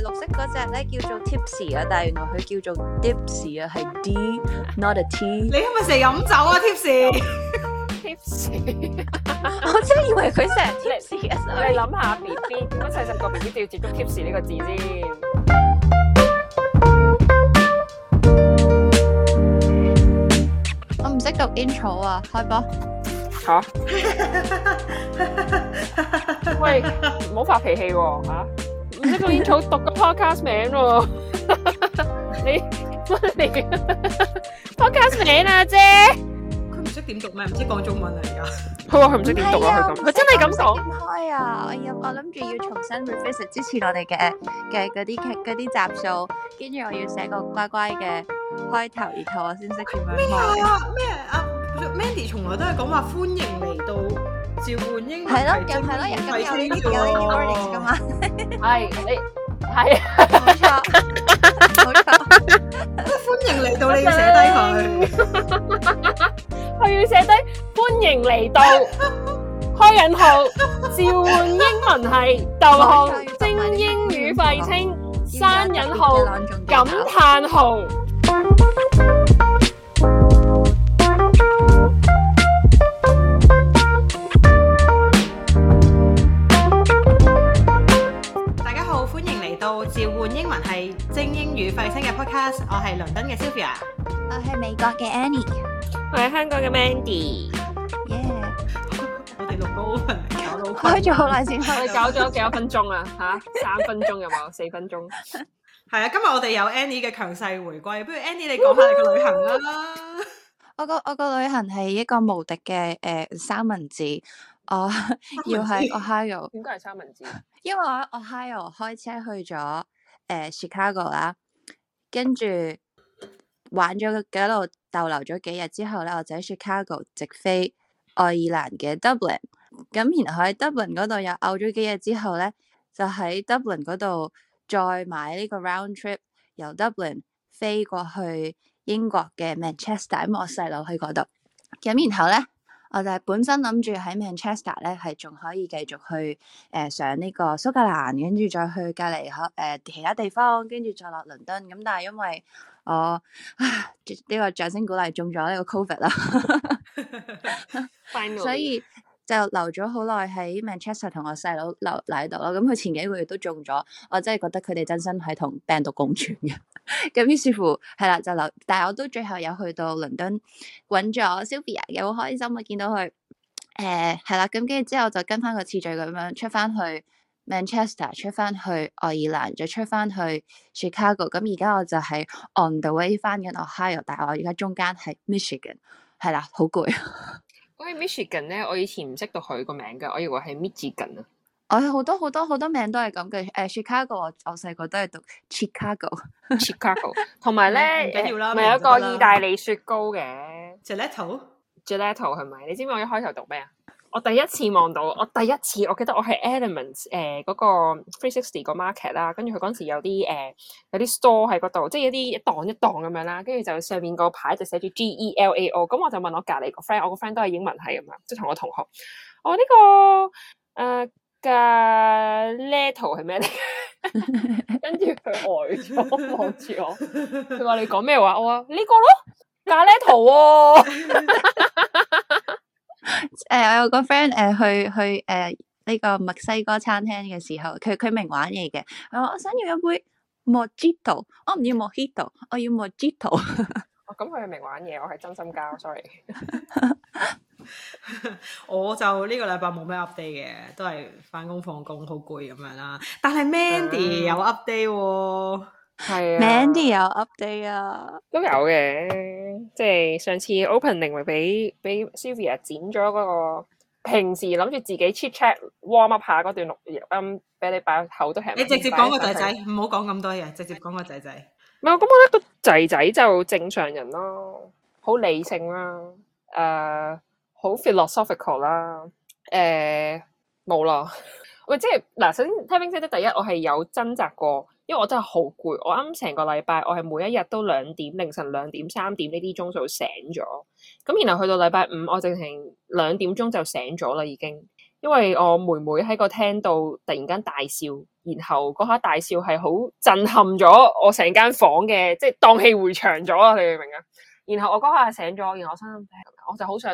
綠色嗰隻咧叫做 Tipsy 啊，但係原來佢叫做 Dipsy 啊，係 D，not a T。你係咪成日飲酒啊，Tipsy？Tipsy，我真係以為佢成日 Tipsy 啊！你諗下 B B，咁細細個 B B 都要接觸 Tipsy 呢個字先。我唔識讀 intro 啊，開波。吓、啊？ 喂，唔好發脾氣喎、啊，吓、啊。唔識讀好讀個 podcast 名喎，你乜嘢 podcast 名啊，姐？佢唔識點讀咩？唔識講中文啊，而家佢話佢唔識點讀啊，佢咁，佢真係咁講。點開啊！我我諗住要重新 review 之前我哋嘅嘅嗰啲劇嗰啲集數，跟住我要寫個乖乖嘅開頭而頭，我先識點樣開啊？咩啊？咩啊？Mandy 從來都係講話歡迎嚟到。召喚英文系咯，係咯，又咁有啲嘢嘅嘛。係你係，冇錯，冇錯。歡迎嚟到，你要寫低佢。佢要寫低，歡迎嚟到。開引號，召喚英文系逗號，精英與廢青，閂引號，感嘆號。召喚英文係精英與廢青嘅 podcast，我係倫敦嘅 Sophia，我係美國嘅 Annie，我係香港嘅 Mandy，yeah，我哋錄到啊，我錄開咗好耐先開，我哋搞咗幾多分鐘啊吓？三分鐘有冇？四分鐘？係啊，今日我哋有 Annie 嘅強勢回歸，不如 Annie 你講下你個旅行啦。我個我個旅行係一個無敵嘅誒三文治，我要係 Ohio，點解係三文治？因為我喺 Ohio e 開車去咗誒、呃、Chicago 啦，跟住玩咗幾度，逗留咗幾日之後咧，我就喺 Chicago 直飛愛爾蘭嘅 Dublin，咁然後喺 Dublin 嗰度又嘔咗幾日之後咧，就喺 Dublin 嗰度再買呢個 round trip 由 Dublin 飛過去英國嘅 Manchester，咁我細佬去嗰度，咁然後咧。我就係本身諗住喺 Manchester 咧，係仲可以繼續去誒、呃、上呢個蘇格蘭，跟住再去隔籬可誒其他地方，跟住再落倫敦。咁但係因為我呢、這個掌聲鼓勵中咗呢個 COVID 啦， 所以就留咗好耐喺 Manchester 同我細佬留留喺度咯。咁佢前幾個月都中咗，我真係覺得佢哋真心係同病毒共存嘅。咁於是乎係啦，就留，但係我都最後有去到倫敦搵咗 Sophia，好開心啊，見到佢。誒，係啦，咁跟住之後就跟翻個次序咁樣出翻去 Manchester，出翻去愛爾蘭，再出翻去 Chicago。咁而家我就喺 on the way 翻緊 Ohio，但係我而家中間係 Michigan，係啦，好攰。關於 Michigan 咧，我以前唔識讀佢個名噶，我以為係 Michigan 啊。我好多好多好多名都係咁嘅，誒、uh, Chicago，我細個都係讀 Chicago，Chicago。同埋咧，唔緊要啦，唔緊要啦，咪有個意大利雪糕嘅，Gelato，Gelato 係咪？你知唔知我一開頭讀咩啊？我第一次望到，我第一次我記得我係 Elements 誒、呃、嗰、那個 Three Sixty 個 market 啦，跟住佢嗰陣時有啲誒、呃、有啲 store 喺嗰度，即係有啲一檔一檔咁樣啦，跟住就上面個牌就寫住 G E L A O，咁我就問我隔離個 friend，我個 friend 都係英文係咁樣，即係同我同學，我、哦、呢、哦哦這個誒。呃呃呃咖喱圖係咩嚟？跟住佢呆咗望住我，佢話 你講咩話？我話呢、這個咯，咖喱圖。誒、 呃，我有個 friend 誒、呃，去去誒呢、呃這個墨西哥餐廳嘅時候，佢佢明玩嘢嘅。我話我想要一杯 mojito，我唔要 mojito，我要 mojito。 哦，咁佢係明玩嘢，我係真心教，sorry。嗯嗯嗯嗯 我就呢個禮拜冇咩 update 嘅，都係返工放工好攰咁樣啦。但係 Mandy、嗯、有 update，係 Mandy 有 update 啊，都有嘅。即係上次 Open 令咪俾俾 Sylvia 剪咗嗰、嗰個平時諗住自己 chat chat warm up 下嗰段錄音俾你把口都係。你直接講個仔仔，唔好講咁多嘢，直接講個仔仔。唔係、嗯、我感覺咧，個仔仔就正常人咯，好理性啦，誒、呃。好 philosophical 啦，誒冇啦，喂，即係嗱，首先 Twin 第一，我係有掙扎過，因為我真係好攰，我啱成個禮拜，我係每一日都兩點凌晨兩點三點呢啲鐘數醒咗，咁然後去到禮拜五，我淨係兩點鐘就醒咗啦，已經，因為我妹妹喺個廳度突然間大笑，然後嗰下大笑係好震撼咗我成間房嘅，即係蕩氣回腸咗啊，你明唔明啊？然後我嗰下醒咗，然後我深我就好想。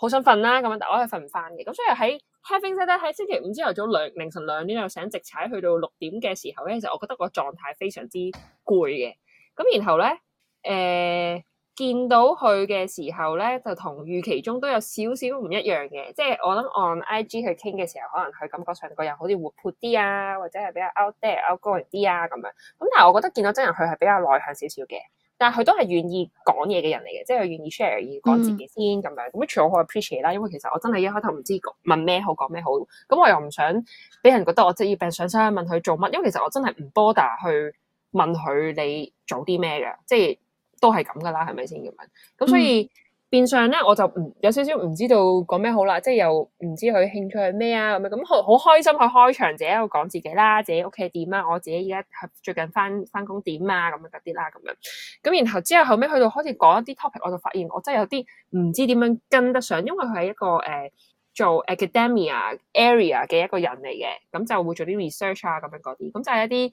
好想瞓啦咁樣，但我係瞓唔翻嘅。咁，所以喺 having 仔仔喺星期五朝頭早兩凌晨兩點又醒，直踩去到六點嘅時候咧，其實我覺得個狀態非常之攰嘅。咁然後咧，誒、呃、見到佢嘅時候咧，就同預期中都有少少唔一樣嘅，即、就、係、是、我諗按 IG 去傾嘅時候，可能佢感覺上個人好似活潑啲啊，或者係比較 out there out going 啲啊咁樣。咁但係我覺得見到真人佢係比較內向少少嘅。但係佢都係願意講嘢嘅人嚟嘅，即係佢願意 share，願意講自己先咁、嗯、樣。咁除咗我 appreciate 啦，因為其實我真係一開頭唔知問咩好講咩好。咁我又唔想俾人覺得我職業病上身問佢做乜，因為其實我真係唔 bother 去問佢你做啲咩嘅，即係都係咁噶啦，係咪先咁樣？咁所以，嗯變相咧，我就唔有少少唔知道講咩好啦，即係又唔知佢興趣係咩啊咁樣，咁好好開心去開場，自己喺度講自己啦，自己屋企點啊，我自己而家最近返返工點啊咁樣嗰啲啦，咁樣，咁然後之後後尾去到開始講一啲 topic，我就發現我真係有啲唔知點樣跟得上，因為佢係一個誒、呃、做 academia area 嘅一個人嚟嘅，咁就會做啲 research 啊咁樣嗰啲，咁就係一啲。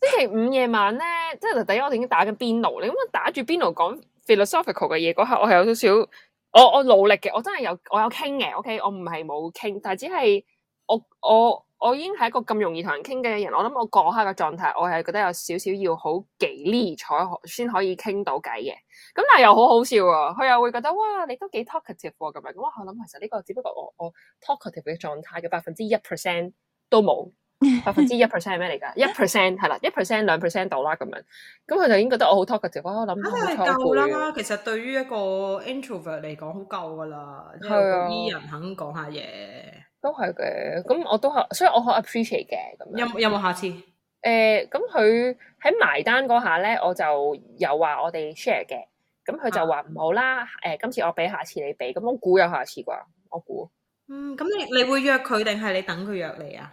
星期五夜晚咧，即係第一，我哋已經打緊邊爐。你咁樣打住邊爐講 philosophical 嘅嘢，嗰刻我，我係有少少，我我努力嘅，我真係有我有傾嘅。OK，我唔係冇傾，但係只係我我我已經係一個咁容易同人傾嘅人。我諗我嗰刻嘅狀態，我係覺得有少少要好幾呢彩先可以傾到偈嘅。咁但係又好好笑啊！佢又會覺得哇，你都幾 talkative 咁樣。咁我諗其實呢個只不過我我 talkative 嘅狀態嘅百分之一 percent 都冇。 百分之一 percent 咩嚟噶？一 percent 係啦，一 percent 兩 percent 到啦，咁 樣咁佢就已經覺得我好 t a l k a t i 我諗好足啦。其實對於一個 introvert 嚟講，好夠噶啦，因為啲人肯講下嘢、嗯、都係嘅。咁我都係，所以我好 appreciate 嘅。咁有有冇下次？誒、嗯，咁佢喺埋單嗰下咧，我就有話我哋 share 嘅。咁佢就話唔好啦。誒、欸，今次我俾下次你俾，咁我估有下次啩？我估嗯，咁你你會約佢定係你等佢約你啊？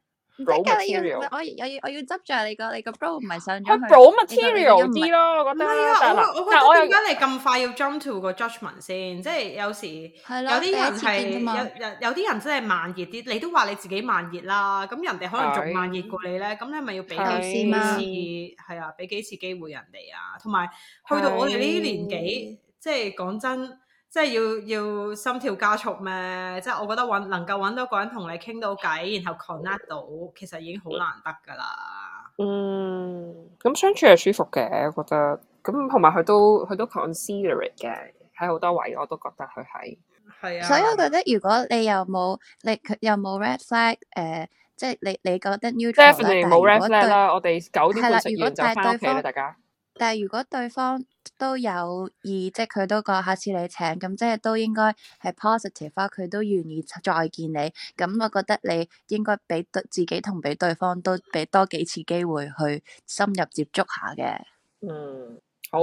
補 material，我要我要執着你個你個 bro 唔係想咗去，補 material 啲咯，我覺得。唔係啊，我我覺得點解你咁快要 jump to 個 judgement 先？即係有時有啲人係有有有啲人真係慢熱啲，你都話你自己慢熱啦。咁人哋可能仲慢熱過你咧。咁你係咪要俾幾次？係啊，俾幾次機會人哋啊？同埋去到我哋呢啲年紀，即係講真。即係要要心跳加速咩？即係我覺得能夠揾到個人同你傾到偈，然後 connect 到，其實已經好難得㗎啦。嗯，咁相處係舒服嘅，我覺得咁。同埋佢都佢都 considerate 嘅，喺好多位我都覺得佢係。係啊。所以我覺得如果你又冇你佢又冇 red flag，誒，即係你你覺得 neutral 啦。但係如果對。啦，我哋九點半食完就翻屋企啦，大家。但係如果對方都有意，即係佢都講下次你請，咁即係都應該係 positive 翻，佢都願意再見你。咁我覺得你應該俾自己同俾對方都俾多幾次機會去深入接觸下嘅。嗯，好，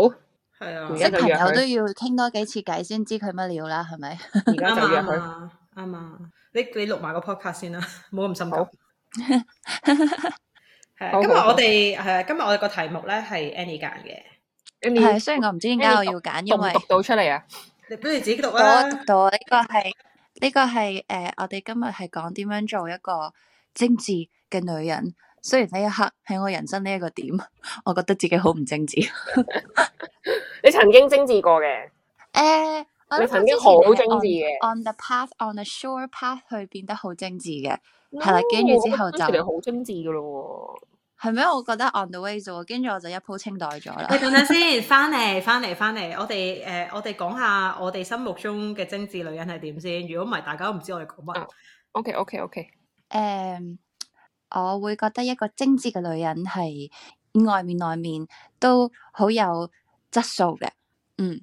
係啊，即係朋友都要傾多幾次偈先知佢乜料啦，係咪？而家 就約佢，啱啊、 嗯嗯，你你錄埋個 podcast 先啦，冇咁辛苦。好 今日我哋係啊，今日我哋個好題目咧係 Annie 揀嘅，係你雖然我唔知點解我要揀，讀因為讀到出嚟啊，你不如自己讀啦。讀呢、這個係呢、這個係誒、呃，我哋今日係講點樣做一個精緻嘅女人。雖然呢一刻係我人生呢一個點，我覺得自己好唔精緻。 你曾經精緻過嘅，誒、呃，我曾你，你曾經好精緻嘅。On the path, on the shore path，去變得好精緻嘅。係啦，跟住、嗯、之後就，好精緻噶咯喎，係咩？我覺得 on the way 啫，跟住我就一鋪清袋咗啦。你 等等先，翻嚟翻嚟翻嚟，我哋誒、呃，我哋講下我哋心目中嘅精緻女人係點先？如果唔係，大家都唔知我哋講乜。Oh, OK OK OK，誒，um, 我會覺得一個精緻嘅女人係外面內面都好有質素嘅，嗯。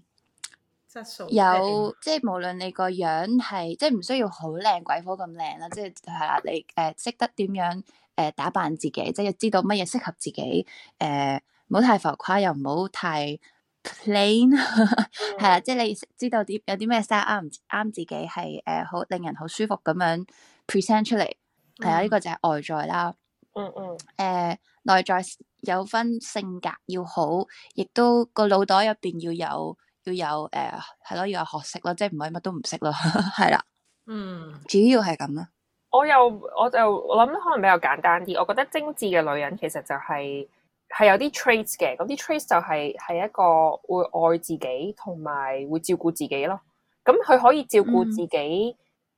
Right. 有即係、就是、無論你個樣係即係唔需要好靚鬼火咁靚啦，即係係啦，你誒、呃、識得點樣誒、呃、打扮自己，即係知道乜嘢適合自己誒，唔、呃、好太浮誇又唔好太 plain，係 啦、mm hmm.，即係你知道點有啲咩衫啱唔啱自己係誒好令人好舒服咁樣 present 出嚟，係、呃、啦，呢、呃呃這個就係外在啦。嗯嗯、mm。誒、hmm. 呃，內在有分性格要好，亦都個腦袋入邊要有。要有誒，係咯，要有學識咯，即係唔可以乜都唔識咯，係啦。嗯，主要係咁啦。我又我就諗可能比較簡單啲。我覺得精緻嘅女人其實就係、是、係有啲 traits 嘅，嗰啲 traits 就係、是、係一個會愛自己同埋會照顧自己咯。咁佢可以照顧自己，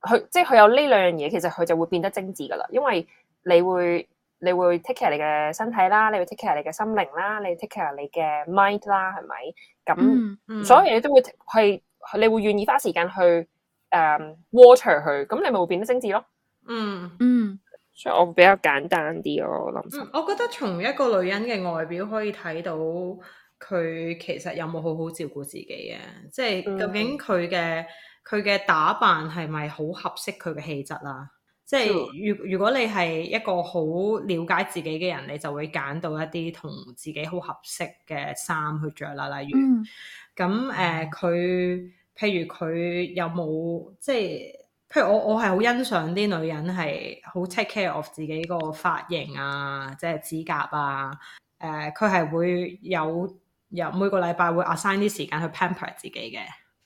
佢、嗯、即係佢有呢兩樣嘢，其實佢就會變得精緻噶啦。因為你會。你會 take care 你嘅身體啦，你會 take care 你嘅心靈啦，你 take care 你嘅 mind 啦，係咪？咁、嗯嗯、所有嘢都會去，你會願意花時間去誒、um, water 佢，咁你咪會變得精緻咯。嗯嗯，嗯所以我會比較簡單啲咯，我諗、嗯。我覺得從一個女人嘅外表可以睇到佢其實有冇好好照顧自己嘅，即係究竟佢嘅佢嘅打扮係咪好合適佢嘅氣質啊？即係，如如果你係一個好了解自己嘅人，你就會揀到一啲同自己好合適嘅衫去着啦。例如，咁誒佢，譬如佢有冇即係，譬如我我係好欣賞啲女人係好 take care of 自己個髮型啊，即係指甲啊，誒佢係會有有每個禮拜會 assign 啲時間去 pamper 自己嘅。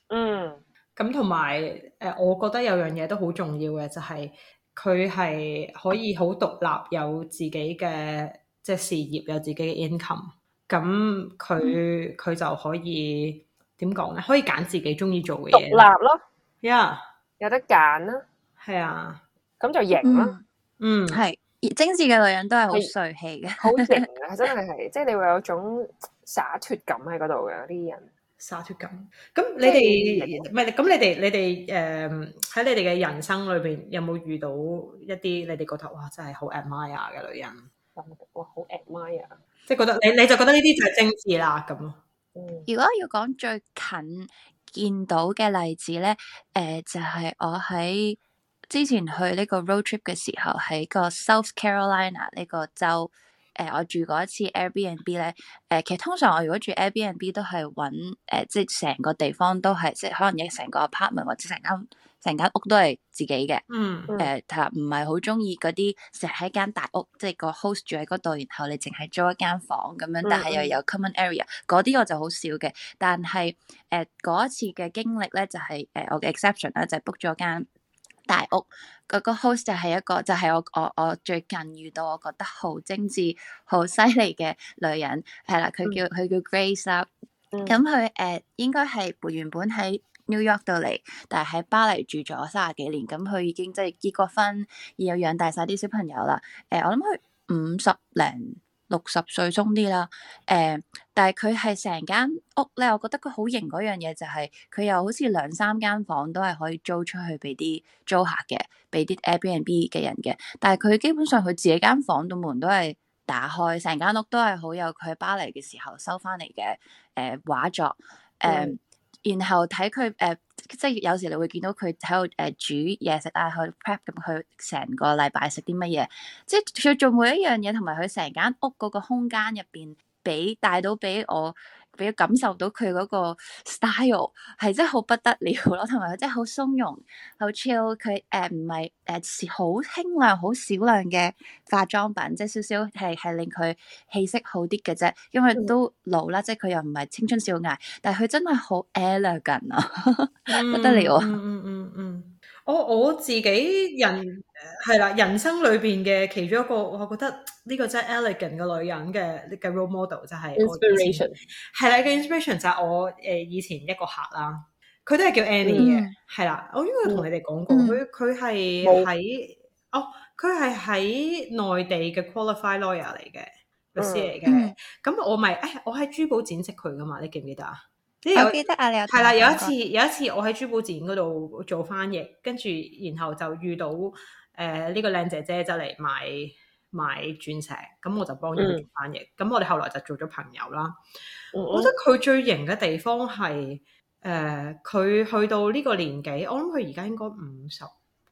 嗯、mm，咁同埋誒，我覺得有樣嘢都好重要嘅就係、是。佢係可以好獨立，有自己嘅即係事業，有自己嘅 income。咁佢佢就可以點講咧？可以揀自己中意做嘅嘢，獨立咯、啊，呀，Yeah. 有得揀啦，係啊，咁、啊、就型啦、啊。嗯，係、嗯、精緻嘅女人都係好帥氣嘅，好型啊，真係係， 即係你會有種灑脫感喺嗰度嘅啲人。灑脱感，咁你哋唔係，咁、嗯、你哋你哋誒喺你哋嘅人生裏邊有冇遇到一啲你哋覺得哇真係好 admire 嘅女人？有冇？哇，好 admire，即係覺得你你就覺得呢啲就係精緻啦咁咯。嗯、如果要講最近見到嘅例子咧，誒、呃、就係、是、我喺之前去呢個 road trip 嘅時候，喺個 South Carolina 呢個州。誒、呃、我住嗰一次 Airbnb 咧，誒、呃、其實通常我如果住 Airbnb 都係揾誒，即係成個地方都係，即係可能有成個 apartment 或者成間成間屋都係自己嘅。嗯、mm。誒、hmm. 呃，唔係好中意嗰啲成喺間大屋，即係個 host 住喺嗰度，然後你淨係租一間房咁樣，但係又有 common area，嗰啲我就好少嘅。但係誒嗰一次嘅經歷咧，就係、是、誒、呃、我嘅 exception 啦，就係 book 咗間。大屋嗰、那個 host 就係一個就，就係我我我最近遇到我覺得好精緻、好犀利嘅女人，係啦，佢叫佢、嗯、叫 Grace Up、嗯。咁佢誒應該係原本喺 New York 度嚟，但係喺巴黎住咗三十幾年。咁佢已經即係結過婚，而又養大晒啲小朋友啦。誒、呃，我諗佢五十零。六十歲鬆啲啦，誒、嗯，但係佢係成間屋咧，我覺得佢好型嗰樣嘢就係，是、佢又好似兩三間房都係可以租出去俾啲租客嘅，俾啲 Airbnb 嘅人嘅。但係佢基本上佢自己間房嘅門都係打開，成間屋都係好有佢喺巴黎嘅時候收翻嚟嘅誒畫作，誒、嗯。嗯。然後睇佢誒，即係有時你會見到佢喺度誒煮嘢食啊，去 prep 咁佢成個禮拜食啲乜嘢，即係佢做每一樣嘢，同埋佢成間屋嗰個空間入邊俾帶到俾我。俾感受到佢嗰個 style 係真係好不得了咯，同埋佢真係好從容，好 chill。佢誒唔係誒好輕量、好少量嘅化妝品，即係少少係係令佢氣色好啲嘅啫。因為都老啦，即係佢又唔係青春少艾，但係佢真係好 elegant 啊， 不得了！嗯嗯嗯嗯。我我自己人係啦，人生裏邊嘅其中一個，我覺得呢個真係 elegant 嘅女人嘅呢個 role model 就係我嘅 inspiration 係啦，嘅 inspiration 就係我誒、呃、以前一個客啦，佢都係叫 Annie 嘅，係、嗯、啦，我應該同你哋講過，佢佢係喺哦，佢係喺內地嘅 qualified lawyer 嚟嘅、嗯、律師嚟嘅，咁、嗯、我咪誒、哎，我喺珠寶展識佢噶嘛，你記唔記得啊？有記得啊，你有係啦。有一次，有一次我喺珠寶展嗰度做翻譯，跟住然後就遇到誒呢、呃這個靚姐姐就嚟買買買鑽石，咁我就幫佢做翻譯。咁、嗯、我哋後來就做咗朋友啦。哦、我覺得佢最型嘅地方係誒佢去到呢個年紀，我諗佢而家應該五十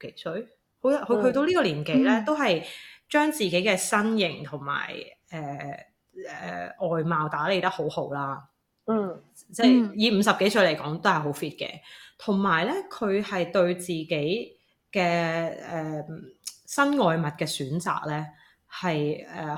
幾歲。佢佢去到呢個年紀咧，嗯、都係將自己嘅身形同埋誒誒外貌打理得好好啦。嗯，即係以五十幾歲嚟講都係好 fit 嘅，同埋咧佢係對自己嘅誒、呃、身外物嘅選擇咧係誒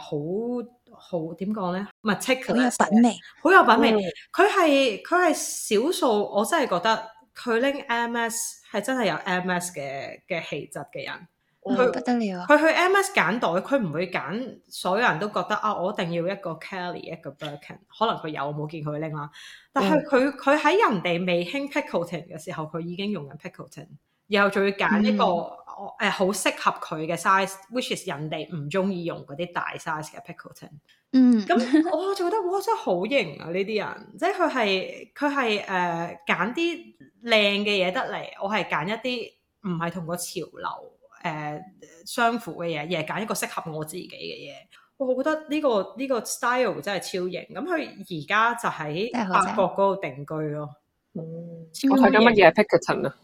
好好，點講咧，material 品味，好有品味。佢係佢係少數，我真係覺得佢拎 M S 係真係有 M S 嘅嘅氣質嘅人。佢他、哦、不得了，佢去 MS 揀袋，佢唔會揀。所有人都覺得啊，我一定要一個 Kelly 一個 Birkin，可能佢有冇見佢拎啦。但係佢佢喺人哋未興 Picotin 嘅時候，佢已經用緊 Picotin，然後仲要揀一個誒好、嗯啊、適合佢嘅 size，which is 人哋唔中意用嗰啲大 size 嘅 Picotin。嗯，咁、 哦、我就覺得哇、哦，真係好型啊！呢啲人即係佢係佢係誒揀啲靚嘅嘢得嚟，我係揀一啲唔係同個潮流。誒、uh, 相符嘅嘢，而係揀一個適合我自己嘅嘢。我覺得呢、呢個呢、呢個 style 真係超型。咁佢而家就喺法國嗰度定居咯。我睇緊乜嘢？Pickerton 啊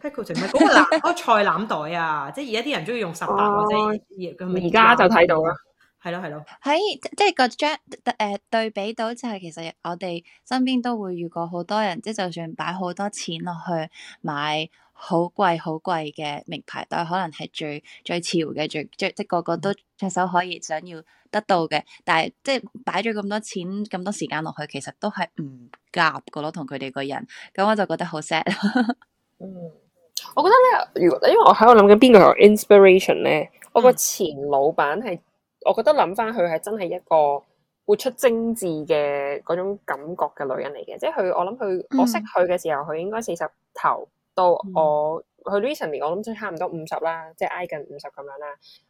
，Pickerton 咪嗰個攬菜籃袋啊，即係而家啲人中意用十實物。而而家就睇到啦，係咯係咯。喺即係個 Jack 誒對比到，就係其實我哋身邊都會，遇過好多人即係就算擺好多錢落去買。好貴好貴嘅名牌袋，可能係最最潮嘅，最最即係個個都隻手可以想要得到嘅。但係即係擺咗咁多錢咁多時間落去，其實都係唔夾個咯。同佢哋個人咁，我就覺得好 sad。 嗯，我覺得咧，如果因為我喺度諗緊邊個係我 inspiration 咧，我個前老闆係，嗯、我覺得諗翻佢係真係一個活出精致嘅嗰種感覺嘅女人嚟嘅，即係佢我諗佢我識佢嘅時候，佢應該四十頭。嗯到我佢 recently、嗯、我諗差唔多五十啦，即係挨近五十咁樣啦。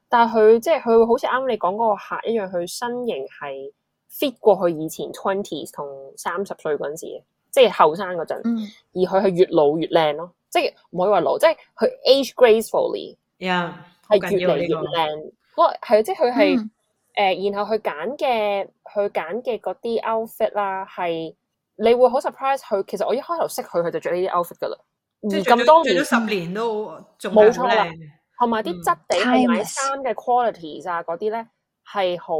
但係佢即係佢好似啱你講嗰個客一樣，佢身形係 fit 過佢以前 twenties 同三十歲嗰陣時，即係後生嗰陣。嗯、而佢係越老越靚咯，即係唔可以話老，即係佢 age gracefully，係 Yeah, 越嚟越靚。我係、這個、即係佢係誒，然後佢揀嘅佢揀嘅嗰啲 outfit 啦，係你會好 surprise，佢其實我一開頭識佢，佢就着呢啲 outfit 噶啦。咁多年，最多十年都冇錯啦。同埋啲質地同埋衫嘅 qualities 啊，嗰啲咧係好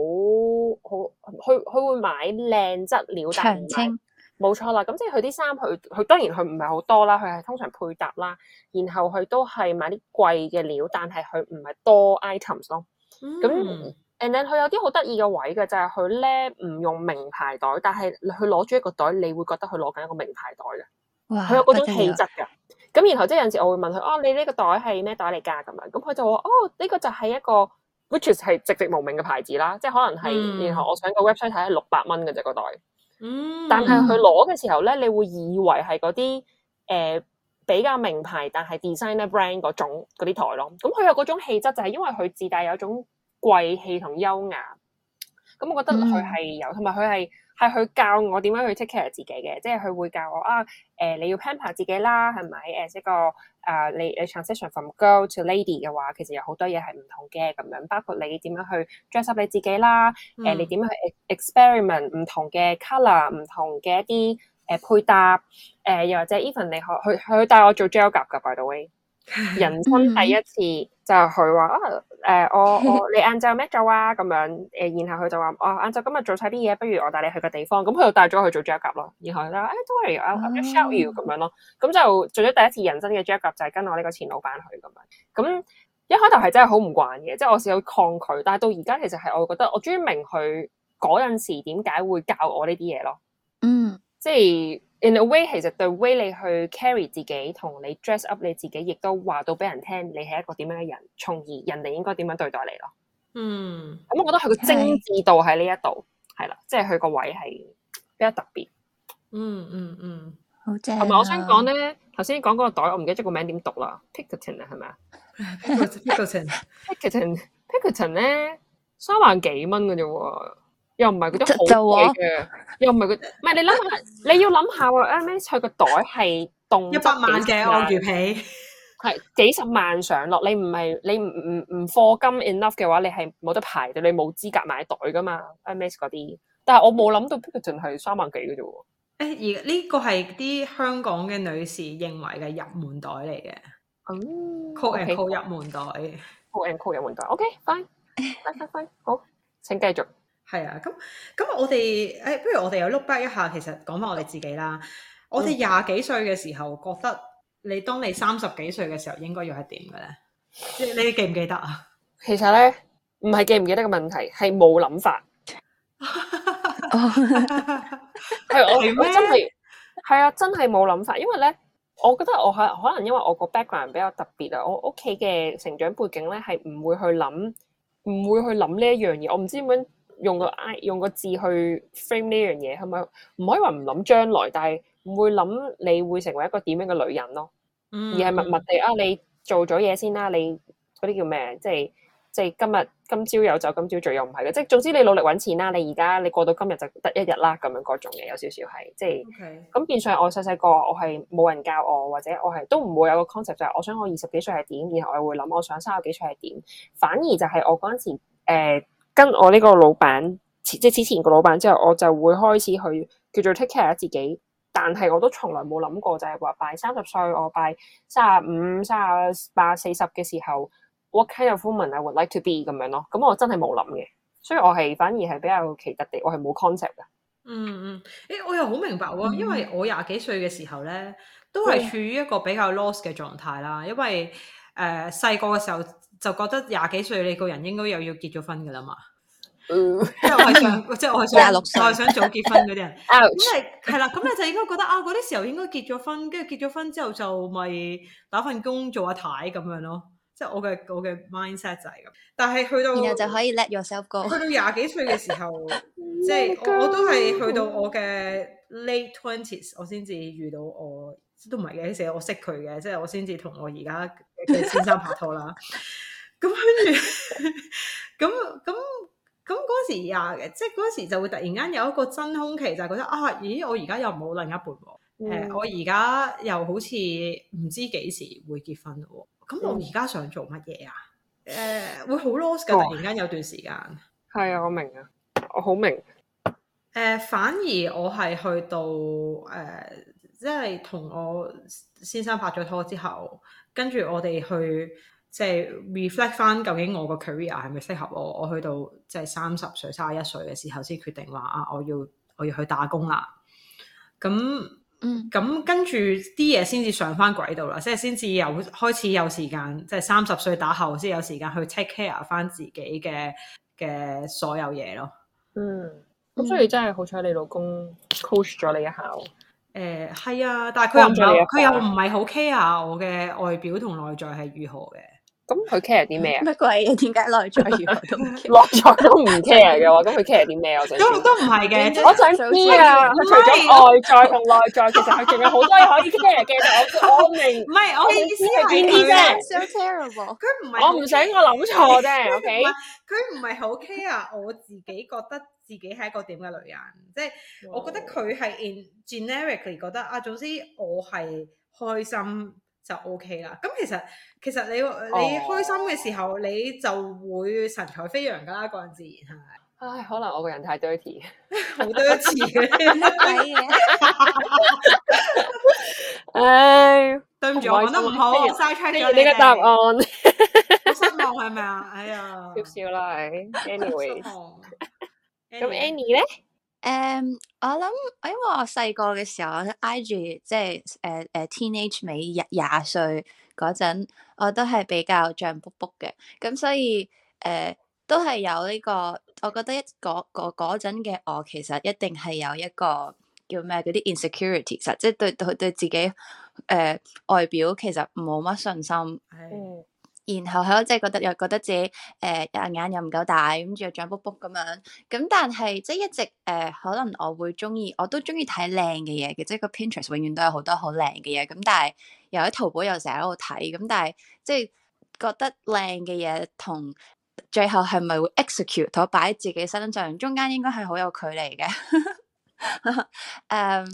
好，佢佢會買靚質料，但唔係冇錯啦。咁即係佢啲衫，佢佢當然佢唔係好多啦，佢係通常配搭啦。然後佢都係買啲貴嘅料，但係佢唔係多 items 咯。咁、嗯、and then 佢有啲好得意嘅位嘅就係佢咧唔用名牌袋，但係佢攞住一個袋，你會覺得佢攞緊一個名牌袋嘅。佢哇有嗰種氣質㗎，咁然後即係有陣時我會問佢：哦，你呢個袋係咩袋嚟㗎？咁樣咁佢就話：哦，呢、這個就係一個，which is 係寂寂無名嘅牌子啦，即係可能係。嗯、然後我上個 website 睇係六百蚊嘅啫，個袋。嗯、但係佢攞嘅時候咧，你會以為係嗰啲誒比較名牌，但係 designer brand 嗰種嗰啲袋咯。咁佢有嗰種氣質，就係因為佢自帶有一種貴氣同優雅。咁我覺得佢係有，同埋佢係。係佢教我點樣去 take care 自己嘅，即係佢會教我啊，誒、呃、你要 pamper 自己啦，係咪？誒即個啊，你你 transition from girl to lady 嘅話，其實有好多嘢係唔同嘅咁樣，包括你點樣去 dress up 你自己啦，誒、嗯呃、你點樣去 experiment 唔同嘅 colour、唔同嘅一啲誒配搭，誒、呃、又或者 even 你可佢佢帶我做 gel 甲嘅，by the way，人生第一次、嗯、就係佢話。啊誒、呃、我我你晏晝有咩做啊咁樣誒、呃，然後佢就話我晏晝今日做晒啲嘢，不如我帶你去個地方，咁佢就帶咗去做 job 咯。然後咧，哎、oh.，都係啊，I'll show you 咁樣咯。咁就做咗第一次人生嘅 job 就係跟我呢個前老闆去咁樣。咁一開頭係真係好唔慣嘅，即係我有抗拒，但係到而家其實係我覺得我終於明佢嗰陣時點解會教我呢啲嘢咯。嗯、mm.，即係。In a way，其實對 way 你 you 去 carry 自己同你 dress up 你自己，亦都話到俾人聽，你係一個點樣嘅人，從而人哋應該點樣對待你咯。嗯，咁我覺得佢個精緻度喺呢一度，係啦，即係佢個位係比較特別。嗯嗯嗯，好正。同埋我想講呢，頭先講嗰個袋，我唔記得咗個名點讀啦，Pickerton 啊，係咪啊？Pickerton，Pickerton，Pickerton 呢，三萬幾蚊嘅啫喎。又唔係嗰啲好嘅，又唔係嗰，唔係你諗下，你要諗下喎。Hermès 佢個袋係，一百萬嘅鱷魚皮，係幾十萬上落。你唔係你唔唔唔課金 enough 嘅話，你係冇得排嘅，你冇資格買袋噶嘛。Hermès 嗰啲，但係我冇諗到，Picotin 係三萬幾嘅啫。誒，而呢個係啲香港嘅女士認為嘅入門袋嚟嘅。哦，call and call 入門袋，call and call 入門袋。OK，fine，fine，fine，好，請繼續。係啊，咁咁我哋，誒，不如我哋又 look back 一下，其實講翻我哋自己啦。我哋廿幾歲嘅時候，覺得你當你三十幾歲嘅時候，應該要係點嘅咧？你你記唔記得啊？其實咧，唔係記唔記得嘅問題，係冇諗法。係我真係，係啊，真係冇諗法。因為咧，我覺得我係可能因為我個 background 比較特別啊，我屋企嘅成長背景咧係唔會去諗，唔會去諗呢一樣嘢。我唔知點樣。用個 I 用個字去 frame 呢樣嘢，係咪？唔可以話唔諗將來，但係唔會諗你會成為一個點樣嘅女人咯。而係默默地啊，你做咗嘢先啦。你嗰啲叫咩？即係即係今日今朝有酒今朝醉，又唔係嘅。即係總之你努力揾錢啦。你而家你過到今日就得一日啦。咁樣各種嘅有少少係即係咁 Okay. 變相我小小。我細細個我係冇人教我，或者我係都唔會有個 concept 就係我想我二十幾歲係點，然後我會諗我想三十幾歲係點。反而就係我嗰陣時跟我呢個老闆，即係之前個老闆之後，我就會開始去叫做 take care 自己。但係我都從來冇諗過，就係話，拜三十歲，我拜三十五、三十八、四十嘅時候，what kind of woman I would like to be 咁樣咯。咁、嗯、我真係冇諗嘅，所以我係反而係比較奇特啲，我係冇 concept 嘅。嗯、欸啊、嗯，誒我又好明白喎，因為我廿幾歲嘅時候咧，嗯、都係處於一個比較 loss 嘅狀態啦。因為誒細個嘅時候。就覺得廿幾歲你個人應該又要結咗婚噶啦嘛，嗯、因為我係想， 即係我係想，歲我係想早結婚嗰啲人。咁咪係啦，咁你就應該覺得啊，嗰啲時候應該結咗婚，跟住結咗婚之後就咪打份工做阿太咁樣咯。即係我嘅我嘅 mindset 就係咁。但係去到然後就可以 let yourself go 去到廿幾歲嘅時候， oh、my God. 即係我，我都係去到我嘅 late twenties，我先至遇到我都唔係嘅，啲我識佢嘅，即、就、係、是、我先至同我而家嘅先生拍拖啦。 咁跟住，咁咁咁嗰時呀即係嗰時就會突然間有一個真空期，就係、覺得啊，咦，我而家又冇另一半，誒、嗯呃，我而家又好似唔知幾時會結婚咯，咁、嗯嗯、我而家想做乜嘢啊？誒、呃，會好 lost 嘅，哦、突然間有段時間。係啊，我明啊，我好明。誒、呃，反而我係去到誒，即係同我先生拍咗拖之後，跟住我哋去。即係 reflect 翻，ref 究竟我個 career 係咪適合我？我去到即係三十歲三十一歲嘅時候，先決定話啊，我要我要去打工啦。咁嗯咁、嗯、跟住啲嘢先至上翻軌道啦，即係先至有開始有時間，即係三十歲打後先有時間去 take care 翻自己嘅嘅所有嘢咯。嗯，咁所以真係好彩，你老公 coach 咗你一下。誒、嗯，係、呃、啊，但係佢又唔佢又唔係好 care 我嘅外表同內在係如何嘅。咁佢 care 啲咩啊？乜鬼啊？點解外在如何都 care？, 外在都唔 care 嘅話，咁佢 care 啲咩？我真都唔係嘅。我真係想知啊，佢除咗外在同內在，啊、其實佢仲有好多嘢可以 care 嘅。 我明我明唔係我好知啊。佢唔係我唔想我諗錯啫。O K，佢唔係好 care，我自己覺得自己係一個點嘅女人， 即係我覺得佢係 in generically 覺得啊，總之我係開心。就 OK 啦，咁其實其實你你開心嘅時候，oh. 你就會神采飛揚㗎啦，個人自然係。唉，可能我個人太 dirty， 好 dirty。唉日，對唔住我，都唔好嘥出呢個答案，好失望係咪啊？哎呀，少少啦，anyways。咁 Annie 咧？誒，um, 我諗，因為我細個嘅時候，i g 即係誒誒，teenage 尾廿廿歲嗰陣，我都係比較脹卜卜嘅，咁所以誒、uh, 都係有呢、這個，我覺得一嗰嗰嗰陣嘅我，其實一定係有一個叫咩嗰啲 insecurity，其實即係對對對自己誒、呃、外表其實冇乜信心。嗯然後係即係覺得又覺得自己誒眼又唔夠大，咁住，又長卜卜咁樣。咁但係即係一直誒、呃，可能我會中意，我都中意睇靚嘅嘢嘅，即係個 Pinterest 永遠都有好多好靚嘅嘢。咁但係又喺淘寶又成日喺度睇。咁但係即係覺得靚嘅嘢同最後係咪會 execute 同擺喺自己身上，中間應該係好有距離嘅。誒、 um,，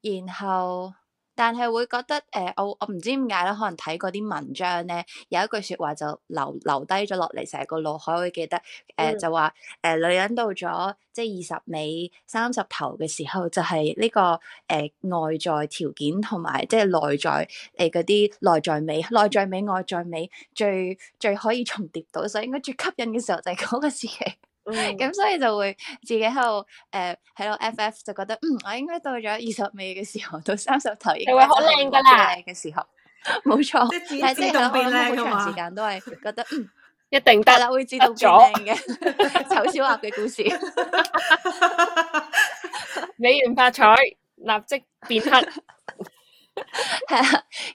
然後。但係會覺得誒、呃，我我唔知點解咧，可能睇過啲文章咧，有一句說話就留留低咗落嚟，成個腦海會記得誒、呃，就話誒、呃，女人到咗即係二十尾三十頭嘅時候，就係呢個誒、呃，外在條件同埋即係內在誒嗰啲內在美、內在美、外在美最最可以重疊到，所以應該最吸引嘅時候就係嗰個時期。咁、嗯、所以就會自己喺度誒喺度 FF 就覺得嗯，我應該到咗二十尾嘅時候到三十頭應該會好靚噶啦，最靚嘅時候，冇錯，嗯、錯即係知道變靚嘅嘛。好長時間都係覺得嗯，一定得啦，會知道咗嘅。醜小鴨嘅故事， 美完發彩，立即變黑。係啊，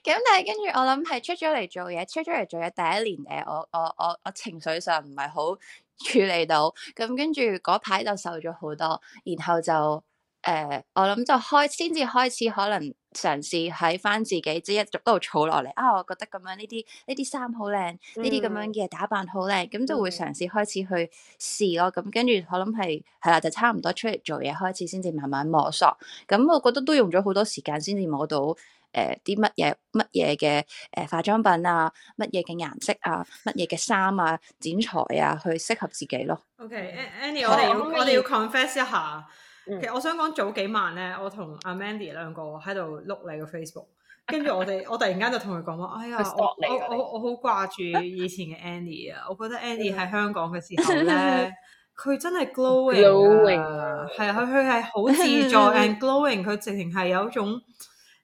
咁但係跟住我諗係出咗嚟做嘢，出咗嚟做嘢第一年誒，我我我我情緒上唔係好。處理到，咁跟住嗰排就瘦咗好多，然後就誒、呃，我諗就開先至開始可能嘗試喺翻自己，即係一度儲落嚟啊，我覺得咁樣呢啲呢啲衫好靚，呢啲咁樣嘅打扮好靚，咁就會嘗試開始去試咯。咁跟住我諗係係啦，就差唔多出嚟做嘢開始先至慢慢摸索。咁我覺得都用咗好多時間先至摸到。誒，啲乜嘢乜嘢嘅誒化妝品啊，乜嘢嘅顏色啊，乜嘢嘅衫啊，剪裁啊，去適合自己咯。OK，Annie，okay. 我 我哋要 confess 一下，其實我想講早幾晚咧，我同阿 Mandy 兩個喺度碌你個 Facebook，跟住我哋 Okay. 我突然間就同佢講話，哎呀，stopped you, 我我 you. 我好掛住以前嘅 Annie 啊，我覺得 Annie 喺香港嘅時候咧，佢 真係 glowing 啊，係佢佢係好自在 and glowing，佢直情係有一種。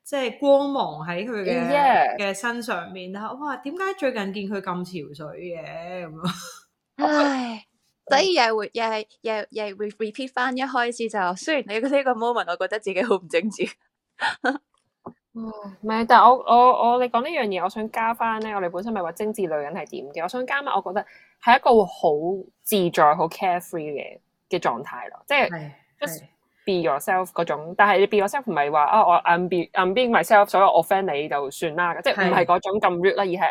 即係光芒喺佢嘅嘅身上面，但 Yeah. 哇，點解最近見佢咁潮水嘅咁咯？ 唉，所以又會又係又又會 repeat 翻一開始就，雖然你呢個 moment，我覺得自己好唔精緻。哦， 咪但係我我我你講呢樣嘢，我想加翻咧，我哋本身咪話精緻女人係點嘅？我想加埋，我覺得係一個好自在、好 carefree 嘅嘅狀態咯，即係。be yourself 嗰種，但係你 be yourself 唔係話啊，我、oh, I am be, I am being myself，所以我 offend 你就算啦，的即係唔係嗰種咁 rude 啦，而係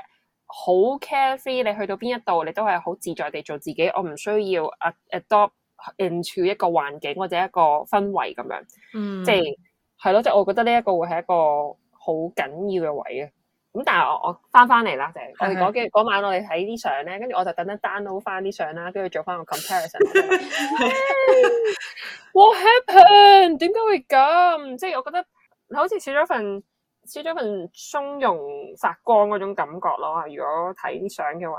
好 carefree。你去到邊一度，你都係好自在地做自己。我唔需要 adopt into 一個環境或者一個氛圍咁樣，嗯、即係係咯。即係我覺得呢一個會係一個好緊要嘅位啊。咁但係我我翻翻嚟啦，就係我哋嗰晚，我哋睇啲相咧，跟住的我，我，我就等等 download 翻啲相啦，跟住做翻個 comparison。 What happened？點解會咁？即 係楽我覺得好似少咗份少咗份松容發光嗰種感覺咯。如果睇相嘅話，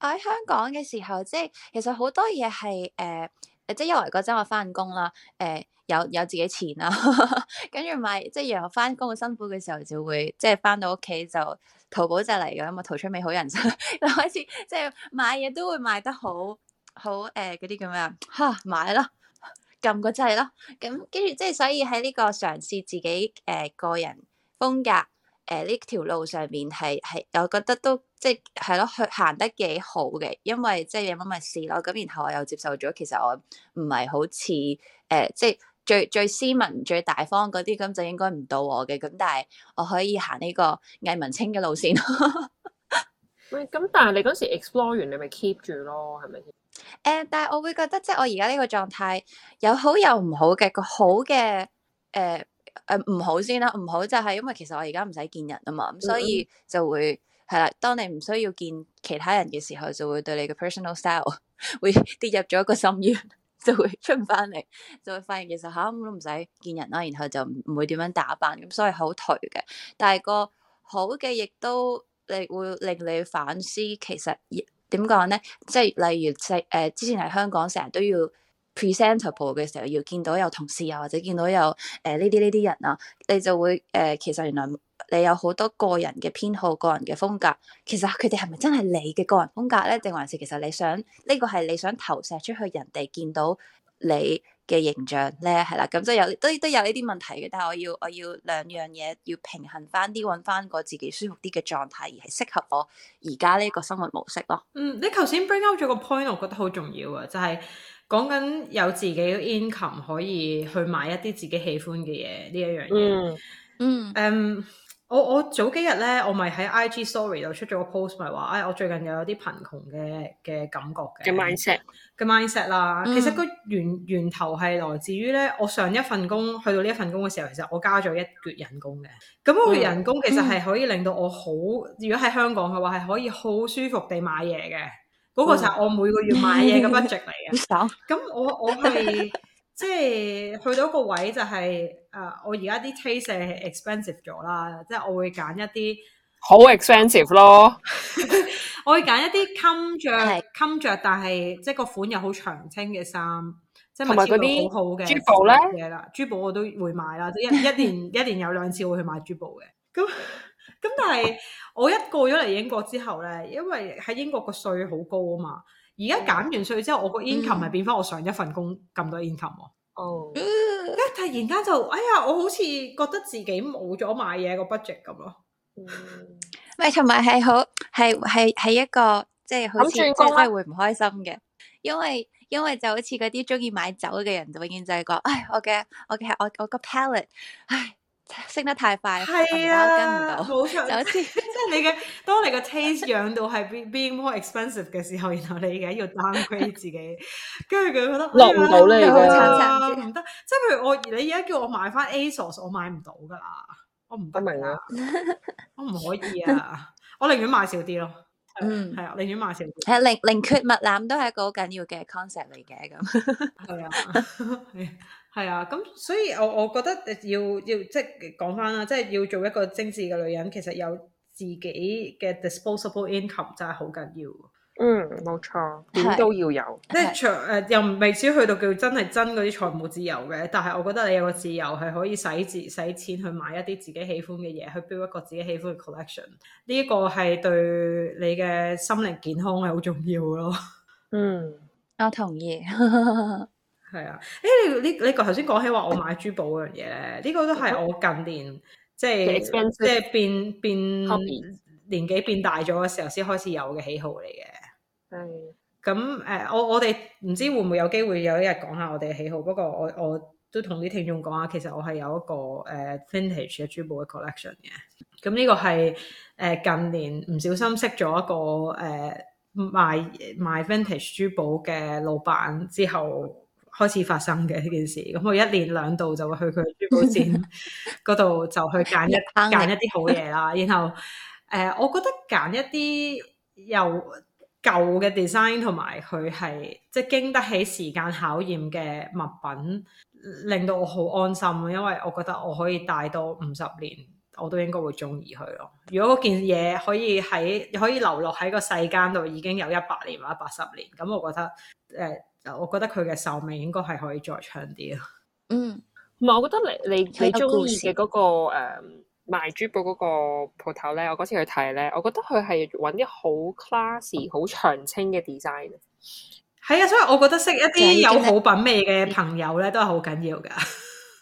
我喺香港嘅時候，即係其實好多嘢係誒誒，即係因為嗰陣我返工啦，誒、呃、有有自己錢啦、啊，跟住買即係然後返工辛苦嘅時候就會即係返到屋企就淘寶就嚟㗎嘛，我淘出美好人生。 就開、是、始即係買嘢都會買得好好誒嗰啲叫咩啊？吓、呃、買咯！買咁個掣咯，咁跟住即係所以喺呢、這個嘗試自己誒、呃、個人風格誒呢條路上面係係，我覺得都即係係咯，去行得幾好嘅，因為即係有乜咪試咯。咁然後我又接受咗，其實我唔係好似誒、呃、即係最最斯文、最大方嗰啲，咁就應該唔到我嘅。咁但係我可以行呢個偽文青嘅路線。 喂，咁但係你嗰時 explore 完，你咪 keep 住咯，係咪？誒，但係我會覺得，即係我而家呢個狀態有好有唔好嘅。個好嘅，誒、呃、誒，唔、呃、好先啦，唔好就係因為其實我而家唔使見人啊嘛，咁所以就會係啦。嗯、當你唔需要見其他人嘅時候，就會對你嘅 personal style 會跌入咗一個深淵，就會出唔翻嚟，就會發現其實吓我都唔使見人啦、啊，然後就唔會點樣打扮，咁所以好頹嘅。但係個好嘅亦都令會令你反思，其實。點講咧？即係例如，即、呃、係之前喺香港成日都要 presentable 嘅時候，要見到有同事、啊，又或者見到有誒呢啲呢啲人啊，你就會誒、呃，其實原來你有好多個人嘅偏好、個人嘅風格。其實佢哋係咪真係你嘅個人風格咧？定還是其實你想呢、呢個係你想投射出去人，人哋見到你嘅形象咧，係啦，咁即係有都都有呢啲問題嘅，但係我要我要兩樣嘢要平衡翻啲，揾翻個自己舒服啲嘅狀態，而係適合我而家呢個生活模式咯。嗯，你頭先 bring out 咗個 point，我覺得好重要啊，就係講緊有自己 income 可以去買一啲自己喜歡嘅嘢呢一樣嘢、嗯。嗯嗯。Um, 我我早幾日咧，我咪喺 IG Story 度出咗個 post，咪話，哎，我最近又有啲貧窮嘅嘅感覺嘅。嘅 mindset，嘅 mindset 啦。嗯、其實個源源頭係來自於咧，我上一份工去到呢一份工嘅時候，其實我加咗一月人工嘅。咁我月人工其實係可以令到我好，嗯、如果喺香港嘅話係可以好舒服地買嘢嘅。嗰、嗰個就係我每個月買嘢嘅 budget 嚟嘅。咁，我我係即係去到一個位就係、是。啊！Uh, 我而家啲 taste 係 expensive 咗啦，即係我會揀一啲好 expensive 咯。 我會揀一啲襟着，襟着但係即係個款又好長青嘅衫，即係質量好好嘅珠寶嚟嘅啦。珠寶我都會買啦，即一一年一年，一年有兩次會去買珠寶嘅。咁咁，但係我一過咗嚟英國之後咧，因為喺英國個稅好高啊嘛。而家減完稅之後，我個 income 咪變翻我上一份工咁多 income 咯。哦。 oh. 突然間就，哎呀，我好似覺得自己冇咗買嘢個 budget 咁咯。咪同埋係好，係係係一個即係、就是、好似即係會唔開心嘅，因為因為就好似嗰啲中意買酒嘅人，就永遠就係講，唉，我嘅我嘅我我個 palette，唉。升得太快，係啊，跟唔到，冇錯。有時即係你嘅，當你嘅 taste 養到係 being being more expensive 嘅時候，然後你而家要 downgrade 自己，跟住佢覺得落唔到咧，唔得。即係譬如我，你而家叫我買返 ASOS，我買唔到噶啦，我唔得明啊，我唔可以啊，我寧願買少啲咯。嗯，係啊，寧願買少啲。係寧寧缺勿濫都係一個好緊要嘅 concept 嚟嘅咁。係啊。係啊，咁所以我我覺得要要即係講翻啦，即係要做一個精緻嘅女人，其實有自己嘅 disposable income 真係好緊要。嗯，冇錯，點都要有。是即係除誒，又未至於去到叫真係真嗰啲財務自由嘅，但係我覺得你有個自由係可以使自使錢去買一啲自己喜歡嘅嘢，去 build 一個自己喜歡嘅 collection。呢個係對你嘅心靈健康係好重要咯。嗯，我同意。 係啊，誒、哎、你你你頭先講起話我買珠寶嗰樣嘢咧，呢 個都係我近年即係 The expensive 即係變變年紀變大咗嘅時候先開始有嘅喜好嚟嘅。係 咁、uh, 誒我我哋唔知會唔會有機會有一日講下我哋嘅喜好。不過我我都同啲聽眾講下，其實我係有一個誒、uh, vintage 嘅珠寶嘅 collection 嘅。咁呢個係誒、uh, 近年唔小心識咗一個誒賣賣 vintage 珠寶嘅老闆之後。開始發生嘅呢件事，咁我一年兩度就會去佢珠寶展嗰度，就去揀 一揀一啲好嘢啦。然後，誒、呃，我覺得揀一啲又舊嘅 design 同埋佢係即係經得起時間考驗嘅物品，令到我好安心咯。因為我覺得我可以帶多五十年，我都應該會中意佢咯。如果嗰件嘢可以喺可以流落喺個世間度已經有一百年或者八十年，咁我覺得誒，呃我覺得佢嘅壽命應該係可以再長啲咯。嗯，唔係， 我覺得你你你中意嘅嗰個誒賣珠寶嗰個鋪頭咧，我嗰次去睇咧，我覺得佢係揾啲好 classy、好長青嘅 design。係啊，所以我覺得識一啲有好品味嘅朋友咧，都係好緊要㗎。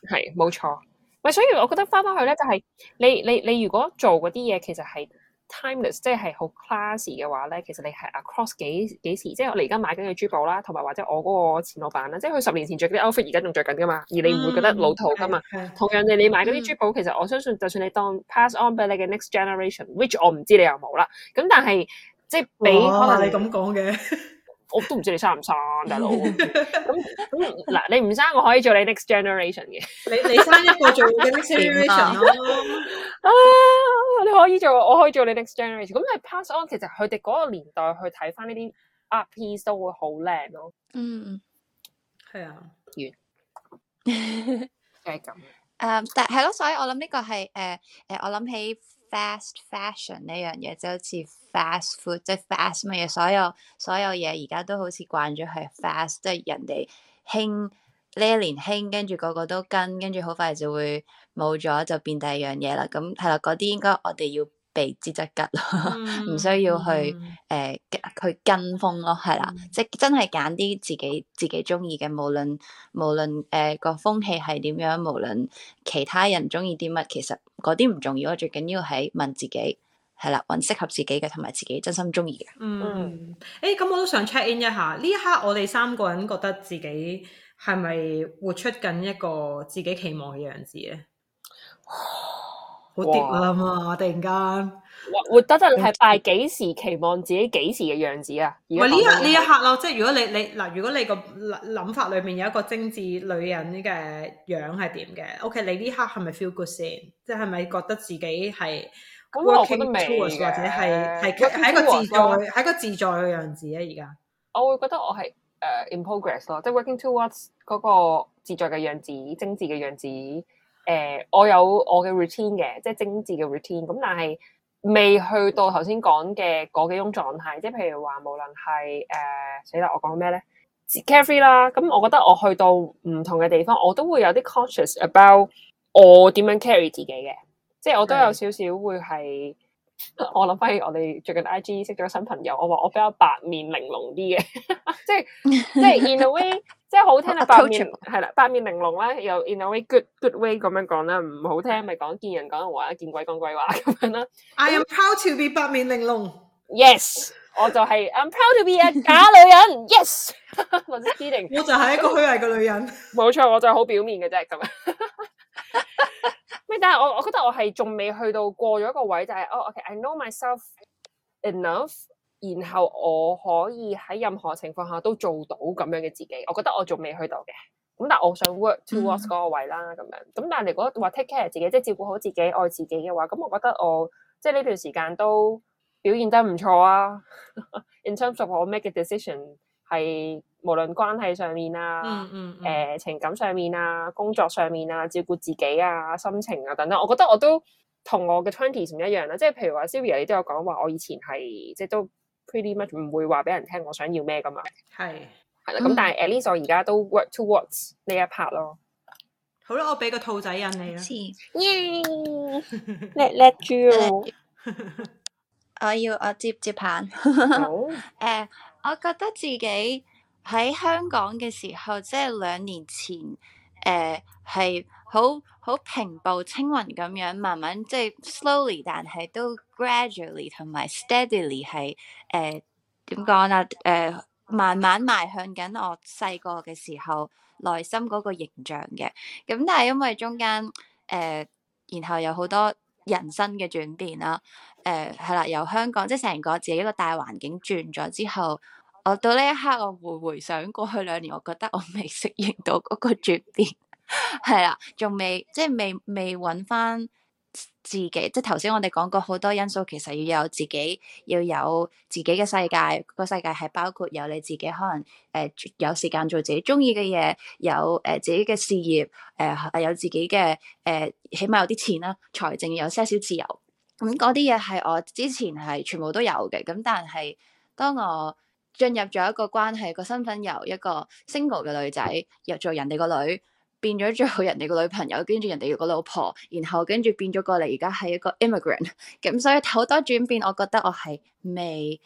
係 冇錯。咪所以，我覺得翻返去咧，就係你你你，你如果做嗰啲嘢，其實係。Timeless 即係好 classy 嘅話咧，其實你係 across 幾幾時？即係我哋而家買緊嘅珠寶啦，同埋或者我嗰個前老闆啦，即係佢十年前着嗰啲 outfit 而家仲着緊噶嘛，而你唔會覺得老土噶嘛。嗯、同樣地，你買嗰啲珠寶，嗯、其實我相信，就算你當 pass on 俾你嘅 next generation，which 我唔知你有冇啦。咁但係即係俾可能你咁講嘅。 我都唔知你生唔生，大佬。咁咁，嗱，你唔生，我可以做你 next generation 嘅。 你你生一個做你 next generation 啊， 啊，你可以做，我可以做你 next generation。咁你 pass on，其實佢哋嗰個年代去睇翻呢啲 art piece 都會好靚咯。嗯，係啊完，完就係咁。誒、um,，但係咯，所以我諗呢個係誒誒，uh, 我諗起。fast fashion 呢樣嘢，就好似 fast food，即係 fast 乜嘢，所有所有嘢而家都好似慣咗係 fast，即係人哋興呢一年興，跟住個個都跟，跟住好快就會冇咗，就變第二樣嘢啦。咁係啦，啲應該我哋要。被資質吉咯，唔、嗯、 需要去誒、呃、去跟風咯，係啦，嗯、即係真係揀啲自己自己中意嘅，無論無論誒個、呃、風氣係點樣，無論其他人中意啲乜，其實嗰啲唔重要，最緊要係問自己，係啦，揾適合自己嘅同埋自己真心中意嘅。嗯，誒、欸、咁我都想 check in 一下，呢一刻我哋三個人覺得自己係咪活出緊一個自己期望嘅樣子咧？ 好掂啊嘛！哇突然間，活得真係大拜幾時期望自己幾時嘅樣子啊？喂，呢一呢一刻咯，刻即係如果你你嗱，如果你個諗法裏面有一個精緻女人呢嘅樣係點嘅？OK，你呢刻係咪 feel good 先？即係係咪覺得自己係 working towards、嗯、或者係係係一個自在係、uh, 一個自在嘅樣子啊。而家我會覺得我係誒、uh, in progress 咯，即、就、係、是、working towards 嗰個自在嘅樣子、精緻嘅樣子。誒、呃，我有我嘅 routine 嘅，即係精緻嘅 routine。咁但係未去到頭先講嘅嗰幾種狀態，即係譬如話，無論係誒，死啦！我講咩咧？carry 啦。咁我覺得我去到唔同嘅地方，我都會有啲 conscious about 我點樣 carry 自己嘅，即係我都有少少會係。我諗翻起我哋最近 I G 識咗個新朋友，我話我比較八面玲瓏啲嘅， 即係即係 in a way 即係好聽嘅八 面係啦，八 面玲瓏啦，又 in a way good good way 咁樣講啦，唔好聽咪講、就是、見人講人話，見鬼講鬼話咁樣啦。I am proud to be 八面玲瓏。Yes，我就係、是、 I am proud to be a 假女人。Yes，或者我就係一個虛偽嘅女人。冇錯，我就係好表面嘅啫咁。 但係我，我覺得我係仲未去到過咗一個位、就是，就係、mm hmm。哦，OK，I、okay, know myself enough，然後我可以喺任何情況下都做到咁樣嘅自己。我覺得我仲未去到嘅，咁但係我想 work towards 嗰個位啦，咁樣。咁但係如果話 take care 自己，即、就、係、是、照顧好自己愛自己嘅話，咁我覺得我即係呢段時間都表現得唔錯啊。 In terms of 我 make 嘅 decision。係無論關係上面啊，誒、嗯嗯呃、情感上面啊，工作上面啊，照顧自己啊，心情啊等等，我覺得我都我同我嘅 twenties 唔一樣啦。即係譬如話 Sylvia，你都有講話，我以前係即係都 pretty much 唔會話俾人聽我想要咩噶嘛。係係啦，咁但係 At least 我而家都 work towards 呢一 part 咯。好啦，我俾個兔仔印你啦。Yes，let 叻叻豬。我要我接接棒。好誒。我覺得自己喺香港嘅時候，即係兩年前，誒係好好平步青雲咁樣，慢慢即係 slowly，但係都 gradually 同埋 steadily 係誒點講啊？誒、呃呃、慢慢邁向緊我細個嘅時候,時候內心嗰個形象嘅。咁但係因為中間誒、呃，然後有好多。人生嘅轉變啦，誒、呃、係啦，由香港即係成個自己一個大環境轉咗之後，我到呢一刻我回回想過去兩年，我覺得我未適應到嗰個轉變，係 啦，仲未即係未未搵返。自己即係頭先我哋講過好多因素，其實要有自己，要有自己嘅世界，個世界係包括有你自己可能誒、呃，有時間做自己中意嘅嘢，有誒、呃、自己嘅事業，誒、呃、有自己嘅誒、呃，起碼有啲錢啦、啊，財政有些少自由。咁嗰啲嘢係我之前係全部都有嘅，咁但係當我進入咗一個關係，個身份由一個 single 嘅女仔入做人哋個女。變咗做人哋個女朋友，跟住人哋個老婆，然後跟住變咗過嚟，而家係一個 immigrant。咁所以好多轉變，我覺得我係未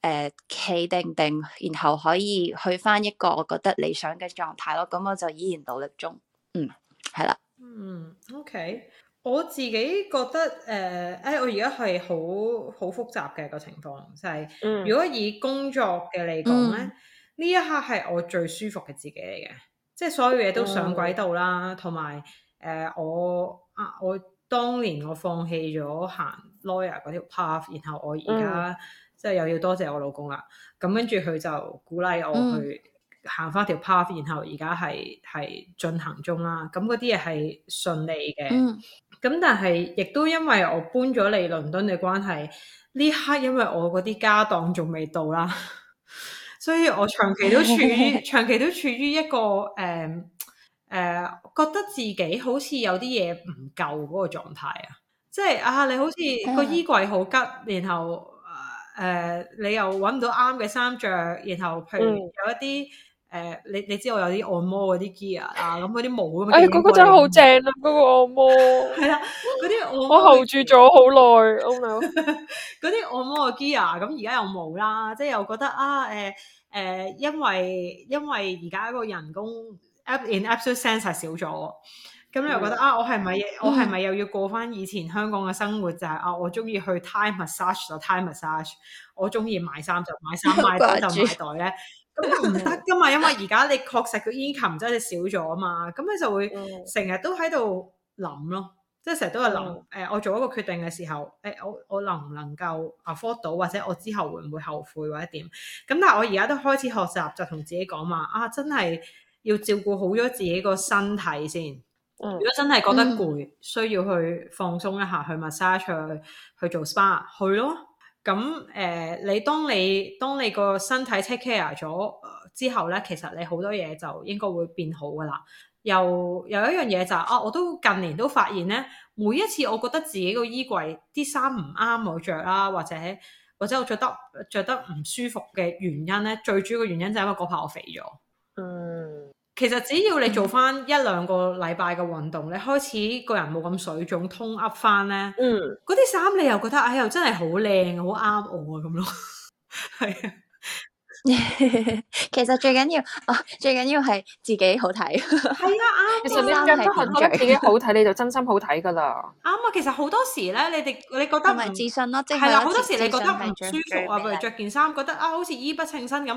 誒企、呃、定定，然後可以去返一個我覺得理想嘅狀態咯。咁我就依然努力中。嗯，係啦。嗯，OK，我自己覺得誒，誒、呃、哎，我而家係好好複雜嘅這個情況，就係、是、如果以工作嘅嚟講咧，呢、嗯、一刻係我最舒服嘅自己嚟嘅。即係所有嘢都上軌道啦，同埋誒我啊，我當年我放棄咗行 lawyer 嗰條 path，然後我而家、嗯、即係又要多謝我老公啦。咁跟住佢就鼓勵我去行翻條 path，然後而家係係進行中啦。咁嗰啲嘢係順利嘅。咁、嗯、但係亦都因為我搬咗嚟倫敦嘅關係，呢刻因為我嗰啲家當仲未到啦。 所以我長期都處於長期都處於一個誒誒、呃呃，覺得自己好似有啲嘢唔夠嗰個狀態啊，即係啊，你好似個衣櫃好吉，然後誒、呃、你又揾唔到啱嘅衫着，然後譬如有一啲，嗯誒、呃，你你知道我有啲按摩嗰啲 gear 啊，咁嗰啲毛咁。哎，嗰、那個真係好正啊！嗰、那個按摩係啦，嗰啲我我 hold 住咗好耐。Oh no！嗰啲按摩嘅 gear 咁而家又冇啦，即係又覺得啊誒誒、呃，因為因為而家個人工 in absolute sense 係少咗，咁你又覺得啊，我係咪我係咪又要過返以前香港嘅生活？嗯、就係啊，我鍾意去 time massage 就 time massage，我鍾意買衫就買衫，買袋就買袋咧。 咁又唔得噶嘛？因為而家你確實個 income 真係少咗啊嘛，咁 你就會成日、嗯、都喺度諗咯，即係成日都係諗誒，我做一個決定嘅時候，誒我我能唔能夠 afford 到，或者我之後會唔會後悔或者點？咁但係我而家都開始學習，就同自己講話啊，真係要照顧好咗自己個身體先。嗯、如果真係覺得攰，嗯、需要去放鬆一下，去 massage，去去做 spa，去咯。咁誒、呃，你當你當你個身體 take care 咗之後咧，其實你好多嘢就應該會變好噶啦。又有一樣嘢就係、是、啊，我都近年都發現咧，每一次我覺得自己個衣櫃啲衫唔啱我着啦、啊，或者或者我着得著得唔舒服嘅原因咧，最主要嘅原因就係因為嗰排我肥咗。其實只要你做翻一兩個禮拜嘅運動，嗯、你開始個人冇咁水腫，通噏翻咧，嗰啲衫你又覺得哎呀真係好靚，好啱我咁咯。係啊， 其實最緊要啊，最緊要係自己好睇。係啊， 啱啊，啱係最緊要自己好睇，你就真心好睇噶啦。啱啊，其實好多時咧，你哋你覺得唔係自信咯，係啊，好、即係、多時你覺得唔舒服啊，譬如着件衫覺得啊，好似衣不稱身咁。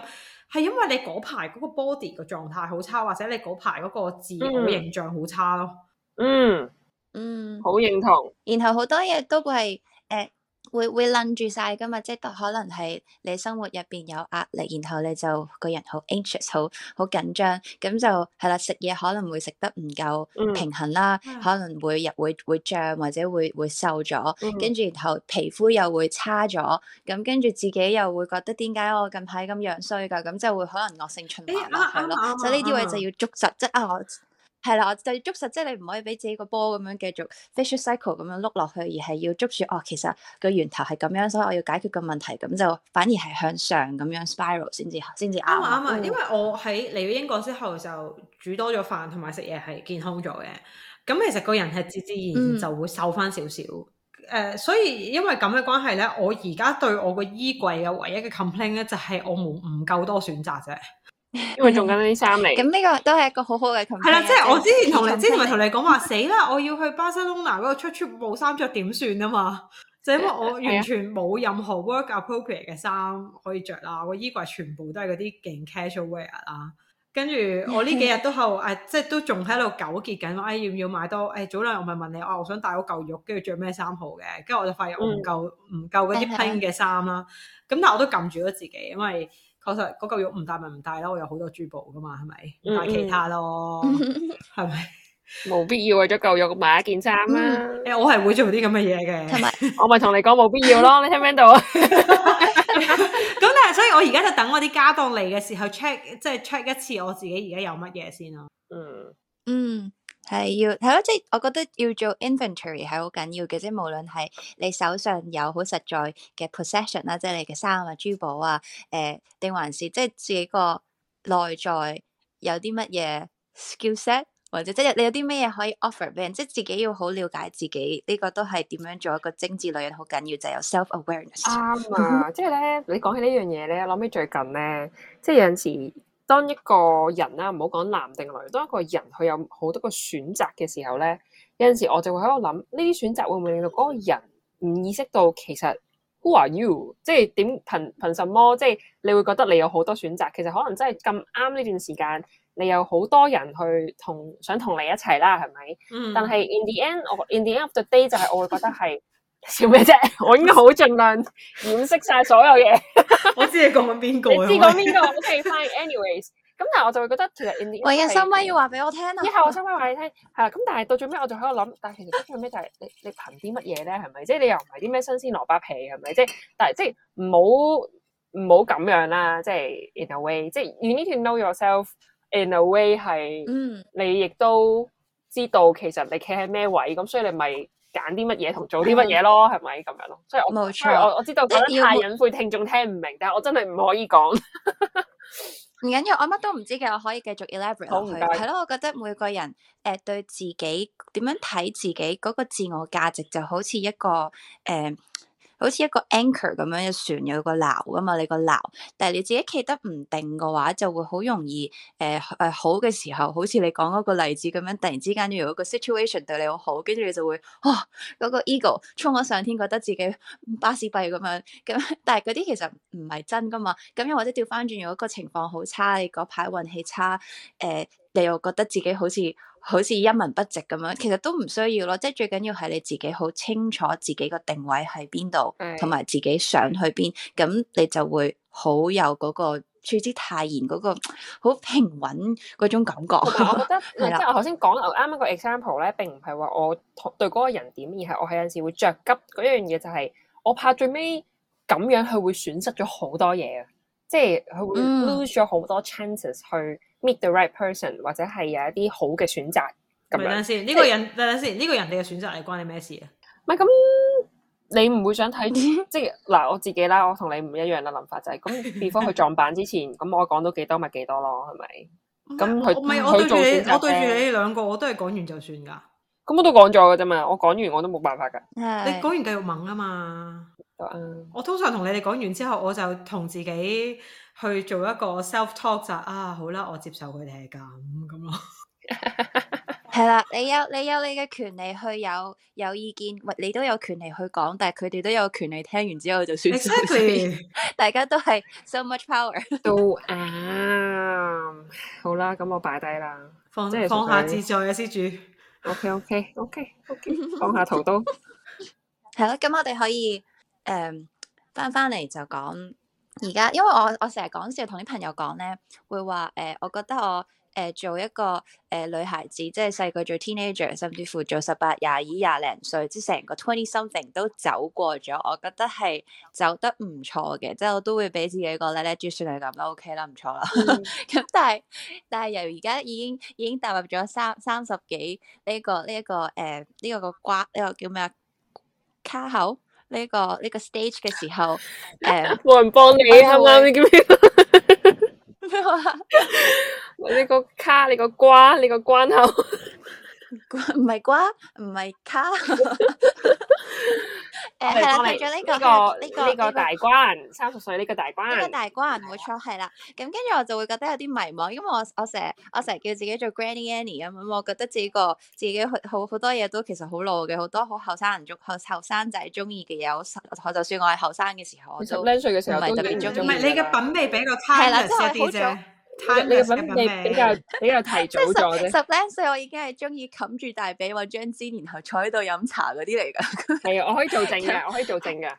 係因為你嗰排嗰個 body 嘅狀態好差，或者你嗰排嗰個自我形象好差咯、嗯。嗯嗯，好認同。然後好多嘢都會係誒。呃會會愣住晒噶嘛，即係可能係你生活入邊有壓力，然後你就個人好 anxious，好好緊張，咁就係啦，食嘢可能會食得唔夠平衡啦，嗯、可能會入會會脹或者會會瘦咗，跟住、嗯、然後皮膚又會差咗，咁跟住自己又會覺得點解我近排咁樣衰噶，咁就會可能惡性循環係咯，所以呢啲位就要捉實，即啊我。啊啊係啦，我就要捉實，即係你唔可以俾自己個波咁樣繼續 vicious cycle 咁樣碌落去，而係要捉住哦。其實個源頭係咁樣，所以我要解決個問題，咁就反而係向上咁樣 spiral 先至先至啱。啱啊，哦嗯、因為我喺嚟咗英國之後就煮多咗飯同埋食嘢係健康咗嘅，咁其實個人係自自然然就會瘦翻少少。誒、嗯，uh, 所以因為咁嘅關係咧，我而家對我個衣櫃嘅唯一嘅 complain 咧，就係、是、我冇唔夠多選擇啫。因為仲緊啲衫嚟，咁呢 個都係一個好好嘅，同係啦，即係、啊就是、我之前同你 之前咪同你講話，死啦，我要去巴塞隆拿嗰個出出冇衫着點算啊嘛， 就因為我完全冇任何 work appropriate 嘅衫可以着啦，我衣櫃全部都係嗰啲勁 casual wear 啦，跟住我呢幾日都係誒，即係都仲喺度糾結緊，誒、哎、要唔要買多？誒、哎、早兩日我咪問你，我我想帶嗰嚿肉，跟住着咩衫好嘅？跟住我就發現我唔夠唔、嗯、夠嗰啲 plain 嘅衫啦，咁、嗯、 但係我都撳住咗自己，因為。確實嗰嚿肉唔帶咪唔帶咯，我有好多珠寶噶嘛，係咪帶其他咯？係咪冇必要為咗嚿肉買一件衫啦、啊嗯欸？我係會做啲咁嘅嘢嘅，有 我咪同你講冇必要咯，你聽唔聽到啊？咁 但係所以我而家就等我啲家當嚟嘅時候 check，即係 check 一次我自己而家有乜嘢先咯。嗯。嗯。係要係咯，即係我覺得要做 inventory 係好緊要嘅，即係無論係你手上有好實在嘅 possession 啦、呃，即係你嘅衫啊、珠寶啊，誒，定還是即係自己個內在有啲乜嘢 skillset，或者即係你有啲乜嘢可以 offer 俾人，即係自己要好了解自己呢、這個都係點樣做一個精緻女人好緊要，就係、是、有 self awareness。啱啊， 即係咧，你講起呢樣嘢咧，諗起最近咧，即係有陣時。當一個人啦，唔好講男定女，當一個人佢有好多個選擇嘅時候咧，有陣時我就會喺度諗，呢啲選擇會唔會令到嗰個人唔意識到，其實 Who are you？即係點憑憑什麼？即係你會覺得你有好多選擇，其實可能真係咁啱呢段時間，你有好多人去同想同你一齊啦，係咪？嗯。但係 in the end，我 in the end of the day 就係我會覺得係。 笑咩啫？我應該好盡量掩飾晒所有嘢。我知你講緊邊個？你知講邊個？OK，fine，anyways。咁但係我就會覺得，其實維人心威要話俾我聽啊。之後我心威話你聽，係啦。咁但係到最尾，我就喺度諗，但係其實最尾就係你你憑啲乜嘢咧？係咪即係你又唔係啲咩新鮮蘿卜皮？係咪即係？但係即係唔好唔好咁樣啦。即係 in a way，即係 you need to know yourself in a way 係。嗯，你亦都知道其實你企喺咩位咁，所以你咪。揀啲乜嘢，同做啲乜嘢咯，係咪咁樣咯？即係，我冇錯，我我知道講得太隱晦，聽眾聽唔明，但係我真係唔可以講。唔緊要，我乜都唔知嘅，我可以繼續 elaborate 落去。係咯，我覺得每個人誒、呃，對自己點樣睇自己嗰、那個自我價值，就好似一個誒。呃好似一個 anchor 咁樣，一船有一個錨噶嘛，你個錨，但係你自己企得唔定嘅話，就會好容易誒誒、呃呃，好嘅時候，好似你講嗰個例子咁樣，突然之間如果個 situation 對你好，跟住你就會，哦，嗰、那個 ego 衝咗上天，覺得自己、嗯、巴士閉咁樣，咁但係嗰啲其實唔係真噶嘛，咁又或者調翻轉，如果個情況好差，你嗰排運氣差，誒、呃，你又覺得自己好似。好似一文不值咁樣，其實都唔需要咯。即係最緊要係你自己好清楚自己個定位喺邊度，同埋是自己想去邊，咁你就會好有嗰、嗰個處之泰然嗰、嗰個好平穩嗰種感覺。我覺得，即係 了我頭先講，我啱啱個 example 咧，並唔係話我對嗰個人點，而係我係有陣時會着急嗰樣嘢，就係、是、我怕最尾咁樣佢會損失咗好多嘢啊！嗯、即係佢會 lose 咗好多 chances 去。meet the right person 或者係有一啲好嘅選擇咁樣，先呢個人等等，先呢個人哋嘅選擇係關你咩事啊？唔係咁，你唔會想睇啲，即係嗱，我自己啦，我同你唔一樣嘅諗法就係咁。before 佢撞板之前，咁我講到幾多咪幾多咯，係咪？咁佢，我對住你，我對住你兩個，我都係講完就算㗎。咁我都講咗㗎啫嘛，我講完我都冇辦法㗎。你講完繼續掹啊嘛！我通常同你哋講完之後，我就同自己。去做一個 self talk 就啊好啦，我接受佢哋係咁咁咯。係啦，你有你有你嘅權利去有有意見，喂，你都有權利去講，但係佢哋都有權利聽完之後就算。大家都係 so much power。都啱，好啦，咁我擺低啦，即係放下自在啊，施主。OK OK OK OK，放下屠刀。係咯，咁我哋可以誒翻翻嚟就講。而家，因為我我成日講笑同啲朋友講咧，會話誒、呃，我覺得我誒、呃、做一個誒、呃、女孩子，即係細個做 teenager，甚至乎做十八、廿二、廿零歲，即係成個 twenty something 都走過咗，我覺得係走得唔錯嘅。即係我都會俾自己一個咧咧，就算係咁啦，OK 啦，唔錯啦。咁、嗯、 但係但係由而家已經已經踏入咗三三十幾呢個呢一、呢個誒呢、呢個呃呢個個瓜呢、呢個叫咩卡口。呢、這個呢、這個 stage 嘅時候，誒、呃，冇人幫你，啱啱、哎。你叫咩話？你、 啊、 個卡，你、這個瓜，你、這個關口，唔係瓜，唔係卡。 誒，係啦，睇咗呢個呢個呢個大關，三十歲呢個大關，呢個大關冇錯，係啦。咁跟住我就會覺得有啲迷茫，因為我我成日我成日叫自己做 Granny Annie 咁樣，我覺得自己個自己好好多嘢，都其實好老嘅，好多好後生人中後後生仔中意嘅嘢，我就算我係後生嘅時候，我都零歲嘅時候都特別中意。唔係你嘅品味比較差啲啫。你品你比較比較提早咗咧， 十零歲我已經係中意冚住大髀揾張氈，G G INE, 然後坐喺度飲茶嗰啲嚟噶。係 啊，我可以做證嘅， 我可以做證嘅。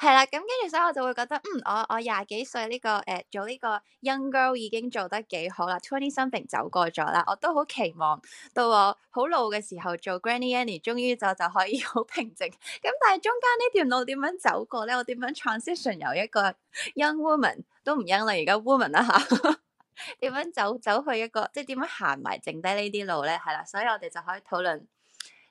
係啦， 咁跟住所以我就會覺得，嗯，我我廿幾歲呢個誒、呃、做呢個 young girl 已經做得幾好啦。Twenty something 走過咗啦，我都好期望到我好老嘅時候做 granny Annie，終於就就可以好平靜。咁但係中間呢段路點樣走過咧？我點樣 transition 由一個 young woman？都唔應啦，而家 woman 啦嚇，點 樣走走去一個，即係點樣行埋剩低呢啲路咧？係啦，所以我哋就可以討論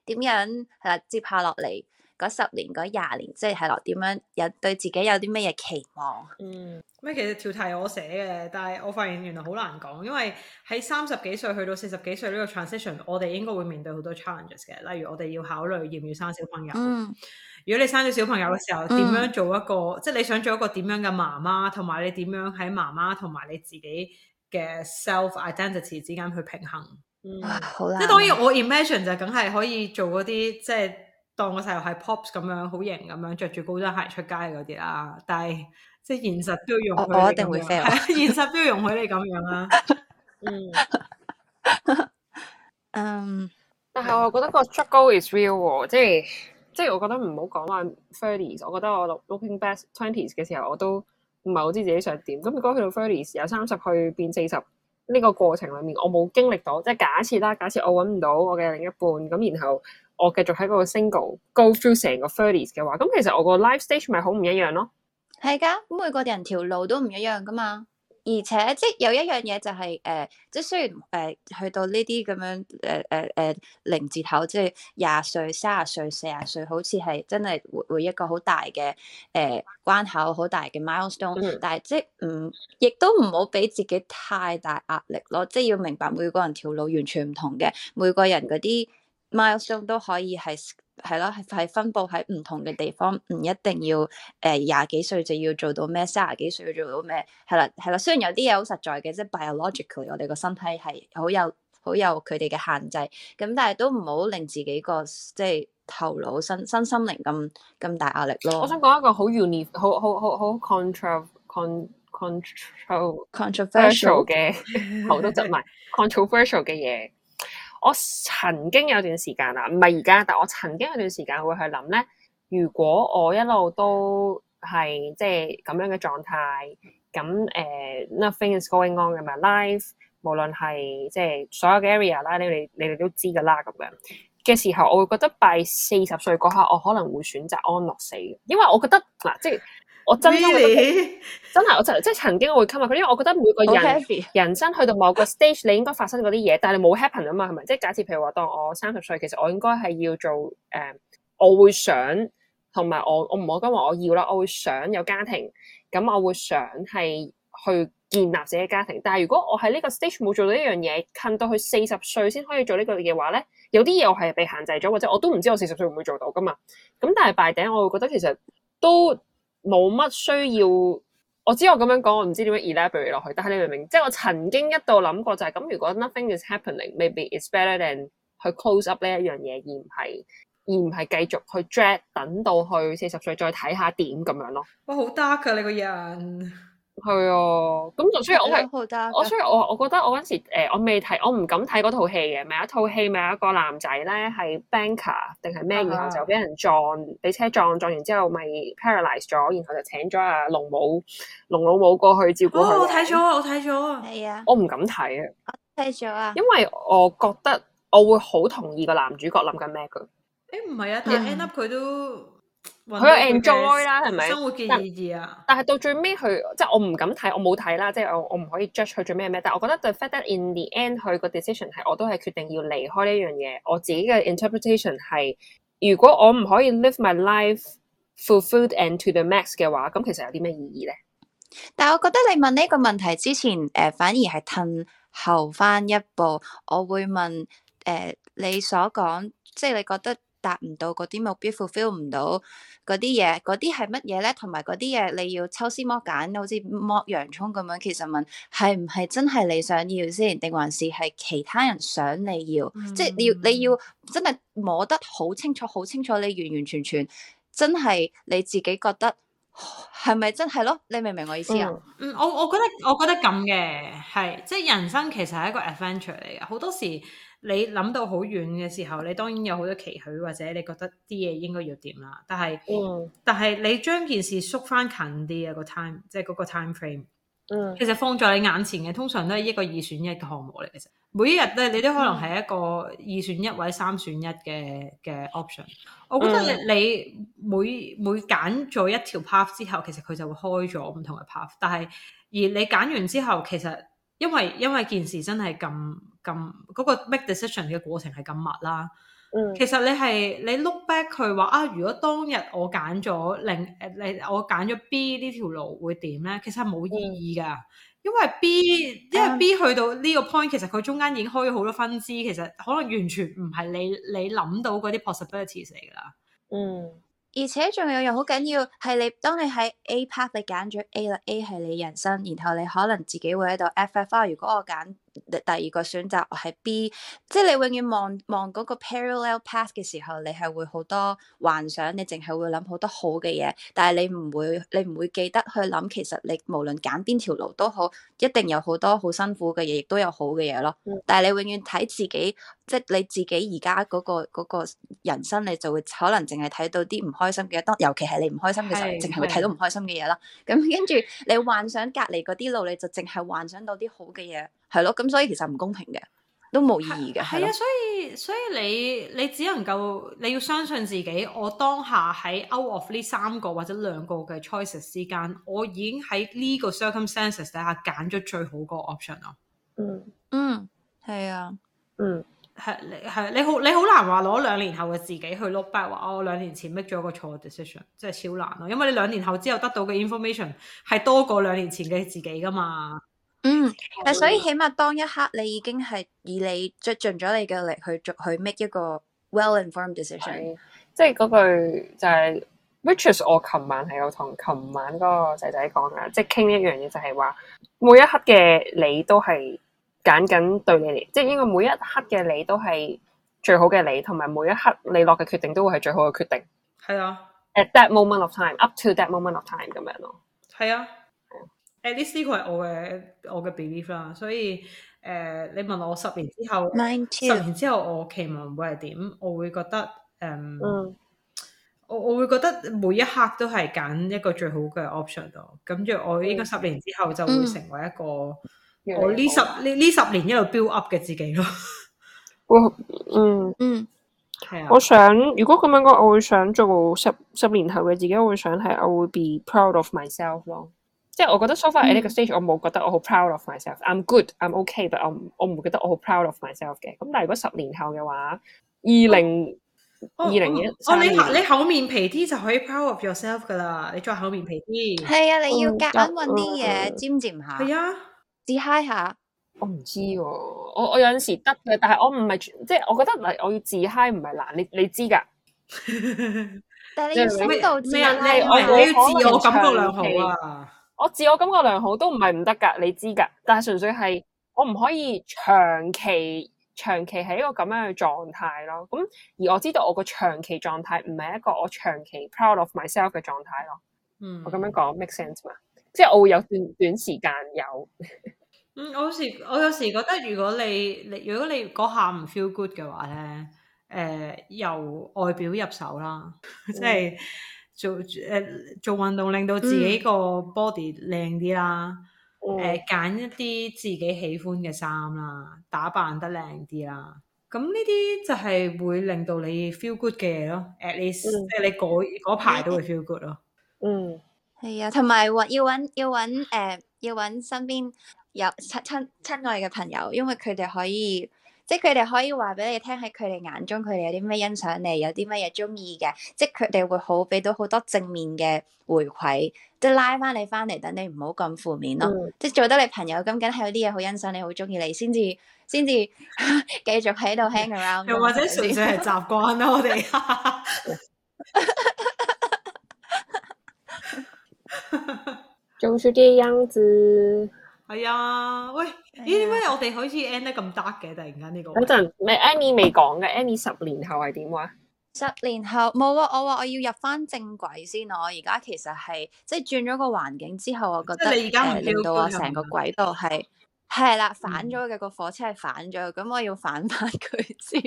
點樣係啦，接下落嚟。嗰十年、嗰廿年，即係係落點樣？有對自己有啲咩嘢期望？嗯，咩其實條題我寫嘅，但係我發現原來好難講，因為喺三十幾歲去到四十幾歲呢個 transition，我哋應該會面對好多 challenges 嘅。例如我哋要考慮要唔要生小朋友。嗯，如果你生咗小朋友嘅時候，點、嗯、樣做一個？即係你想做一個點樣嘅媽媽，同埋你點樣喺媽媽同埋你自己嘅 self identity 之間去平衡？嗯，啊、好啦，即係當然我 imagine 就梗係可以做嗰啲即係。當我細路係 Pops 咁樣，好型咁樣，着住高踭鞋出街嗰啲啦。但係即係現實都要容佢，我我一定會 fair。現實都要容佢哋咁樣啦、啊。 嗯，嗯， um, 但係我覺得個 struggle is real、哦、即係即係我覺得唔好講話 thirties。我覺得我 looking back twenties 嘅時候，我都唔係好知自己想點。咁如果去到 thirties，由三十去變四十，呢個過程裏面我冇經歷到。即係假設啦、啊，假設我搵唔到我嘅另一半，咁然後。我繼續喺嗰個 single go through 成個 thirties 嘅話，咁其實我個 live stage 咪好唔一樣咯。係噶，每個人條路都唔一樣噶嘛。而且即係有一樣嘢就係、是、誒、呃，即係雖然誒、呃、去到呢啲咁樣誒誒誒零字頭，即係廿歲、卅歲、四十歲，好似係真係會會一個好大嘅誒、呃、關口，好大嘅 milestone、mm。Hmm. 但係即係唔亦都唔好俾自己太大壓力咯。即係要明白每個人條路完全唔同嘅，每個人嗰啲。milestone 都可以係係咯，係分布喺唔同嘅地方，唔一定要誒廿幾歲就要做到咩，三十幾歲要做到咩？係啦係啦。雖然有啲嘢好實在嘅，即係 biologically 我哋個身體係好有好有佢哋嘅限制，咁但係都唔好令自己個即係頭腦、身心、身心靈咁咁大壓力咯。我想講一個好 unique，好 u n i q 好好好好 control、Cont ra, con、control、 controversial 嘅好多執埋 controversial 嘅嘢。我曾經有段時間啊，唔係而家，但我曾經有段時間會去諗咧。如果我一路都係即係咁樣嘅狀態，咁誒、uh，nothing is going on in my life，無論係即係所有嘅 area 啦，你哋你哋都知噶啦，咁樣嘅時候，我會覺得 by 四十歲嗰刻，我可能會選擇安樂死，因為我覺得嗱，即係。我真心 Really? 真係，我就即係曾經我會 i n 佢，因為我覺得每個人 Okay. 人生去到某個 stage，你 應該發生嗰啲嘢，但係你冇 happen 啊嘛，係咪？即係假設譬如話當我三十歲，其實我應該係要做誒、呃，我會想同埋我我唔可以講話我要啦，我會想有家庭，咁我會想係去建立自己家庭。但係如果我喺呢個 stage 冇做到呢樣嘢 i 到去四十歲先可以做呢個嘢嘅話咧，有啲嘢我係被限制咗，或者我都唔知我四十歲會唔會做到噶嘛？咁但係拜頂我會覺得其實都。冇乜需要，我知我咁樣講，我唔知點樣 elaborate 落去，但係你明唔明？即係我曾經一度諗過就係、是、咁，如果 nothing is happening，maybe it's better than 去 close up 呢一樣嘢，而唔係而唔係繼續去 drag 等到去四十歲再睇下點咁樣咯。哇，好 dark、哦、啊！你個人。係啊，咁所以我係，我雖然我我覺得我嗰時誒、呃，我未睇，我唔敢睇嗰套戲嘅。咪一套戲，咪有一個男仔咧係 banker 定係咩，然後、er，啊、就俾人撞，俾車撞，撞完之後咪 paralyze 咗，然後就請咗阿龍母，龍老母過去照顧佢。我睇咗，我睇咗，係啊，我唔敢睇啊。我睇咗啊，因為我覺得我會好同意個男主角諗緊咩嘅。誒、欸，唔係啊，但 end up 佢都。嗯佢有 enjoy 啦，係咪？生活嘅意義啊！但係到最尾佢即係，我唔敢睇，我冇睇啦，即係我我唔可以 judge 佢做咩咩。但係我覺得 the fact that in the end 佢個 decision 係我都係決定要離開呢樣嘢。我自己嘅 interpretation 係如果我唔可以 live my life fulfilled and to the max 嘅話，咁其實有啲咩意義咧？但係我覺得你問呢個問題之前，誒、呃、反而係褪後翻一步，我會問誒、呃、你所講，即係你覺得。達唔到嗰啲目標，fulfill 唔到嗰啲嘢，嗰啲係乜嘢咧？同埋嗰啲嘢你要抽絲剝繭，好似剝洋葱咁樣。其實問係唔係真係你想要先，定還是係其他人想你要？嗯，即係你要你要真係摸得好清楚，好清楚你完完全全真係你自己覺得係咪真係咯？你明唔明我意思啊？嗯，我我覺得我覺得咁嘅係，即係人生其實係一個 adventure 嚟嘅，好多時。你諗到好遠嘅時候，你當然有好多期許，或者你覺得啲嘢應該要點啦。但係，mm. 但係你將件事縮翻近啲嘅、就是、個 time，即係嗰個 time frame。Mm. 其實放在你眼前嘅，通常都係一個二選一嘅項目嚟。其實每一日咧，你都可能係一個二選一或者三選一嘅嘅 option。我覺得你、mm. 你每每揀咗一條 path 之後，其實佢就會開咗唔同嘅 path。但係而你揀完之後，其實因為因為件事真係咁咁嗰個 make decision 嘅過程係咁密啦，嗯，其實你係你 look back 佢話啊，如果當日我揀咗另，誒你我揀咗 B 呢條路會點咧？其實係冇意義噶，嗯，因為 B 因為 B 去到呢個 point，嗯，其實佢中間已經開咗好多分支，其實可能完全唔係你你諗到嗰啲 possibilities 嚟噶啦，嗯。而且仲有樣好緊要係你，當你喺 A part Yeah. 你揀咗 A 啦，A 係你人生，然後你可能自己會喺度 F F R。如果我揀。第二個選擇係 B，即係你永遠望望嗰個 parallel path 嘅時候，你係會好多幻想，你淨係會諗好多好嘅嘢，但係你唔會你唔會記得去諗，其實你無論揀邊條路都好，一定有好多好辛苦嘅嘢，亦都有好嘅嘢咯。但係你永遠睇自己，即係你自己而家嗰個、嗰個人生，你就會可能淨係睇到啲唔開心嘅，當尤其係你唔開心嘅時候，淨係會睇到唔開心嘅嘢啦。咁跟住你幻想隔籬嗰啲路，你就淨係幻想到啲好嘅嘢。係咯，咁所以其實唔公平嘅，都冇意義嘅，係啊。所以所以你你只能夠你要相信自己，我當下喺 out of 呢三個或者兩個嘅 choices 之間，我已經喺呢個 circumstances 底下揀咗最好個 option 咯。嗯嗯，係啊，嗯係你係你好你好難話攞兩年後嘅自己去 look back 話我兩年前 make 咗個錯嘅 decision，真係超難咯。因為你兩年後之後得到嘅 information 係多過兩年前嘅自己噶嘛。嗯，誒，所以起碼當一刻你已經係以你盡咗你嘅力去去 make 一個 well informed decision，即係嗰句就係 which is 我琴晚係有同琴晚嗰個仔仔講噶，即係傾一樣嘢就係話每一刻嘅你都係揀緊對你嚟，即係應該每一刻嘅你都係最好嘅你，同埋每一刻你落嘅決定都會係最好嘅決定。係啊，at that moment of time，up to that moment of time 咁樣咯。係啊。At least 呢個係我嘅我嘅 belief 啦，所以誒、呃，你問我十年之後，十 Mine too. 年之後我期望會係點？我會覺得誒，um, mm. 我我會覺得每一刻都係揀一個最好嘅 option 度。跟住我應該十年之後就會成為一個、mm. 我呢十呢呢十年一路 build up 嘅自己咯。哇、 嗯，嗯嗯，係啊。我想如果咁樣講，我會想做十十年後嘅自己。我會想係我會 be proud of myself 咯。即係我覺得 so far 喺呢個 stage，我冇覺得我好 proud of myself。I'm good，I'm OK，但係我我唔會覺得我好 proud of myself 嘅。咁但係如果十年後嘅話，二零二零年，哦你你厚面皮啲就可以 proud of yourself 噶啦。你再厚面皮啲，係啊，你要夾硬揾啲嘢尖尖下，係啊，自嗨下。我唔知喎，我我有陣時得嘅，但係我唔係即係我覺得嗱，我要自嗨唔係難，你你知㗎。但係你要識到咩啊？你要自我感覺良好啊！我自我感覺良好都唔係唔得噶，你知噶，但係純粹係我唔可以長期長期係一個咁樣嘅狀態咯。咁而我知道我個長期狀態唔係一個我長期 proud of myself 嘅狀態咯。嗯，我咁樣講 make sense 嘛？即係我會有短短時間有。 嗯，我有時我有時覺得，如果你你如果你嗰下唔 feel good 嘅話咧，誒、呃，由外表入手啦， 即係是。嗯做誒做運動令到自己個 body 靚啲啦，誒揀、嗯呃、一啲自己喜歡嘅衫啦，打扮得靚啲啦，咁呢啲就係會令到你 feel good 嘅嘢咯。at least 即係、嗯、你嗰排都會 feel good 咯。嗯，係、嗯、啊，同埋要揾要揾、呃、要揾身邊有親親親愛嘅朋友，因為佢哋可以。即係佢哋可以話俾你聽，喺佢哋眼中，佢哋有啲咩欣賞你，有啲咩嘢中意嘅，即係佢哋會好俾到好多正面嘅回饋，回來回來嗯、即係拉翻你翻嚟，等你唔好咁負面咯。即係做得你朋友咁，梗係有啲嘢好欣賞你，好中意你，先至先至繼續喺度 hang around，又 或者純粹係習慣咯，我哋。就是這樣子。係啊、哎，喂，咦點解我哋好似 end 得咁 dark 嘅？突然間呢個，等陣，咪 Annie 未講嘅，Annie 十年後係點話？十年後冇啊，我話我要入翻正軌先，我而家其實係即係轉咗個環境之後，我覺得即係而家係令到我成個軌道係係啦，反咗嘅個火車係反咗，咁我要反翻佢先，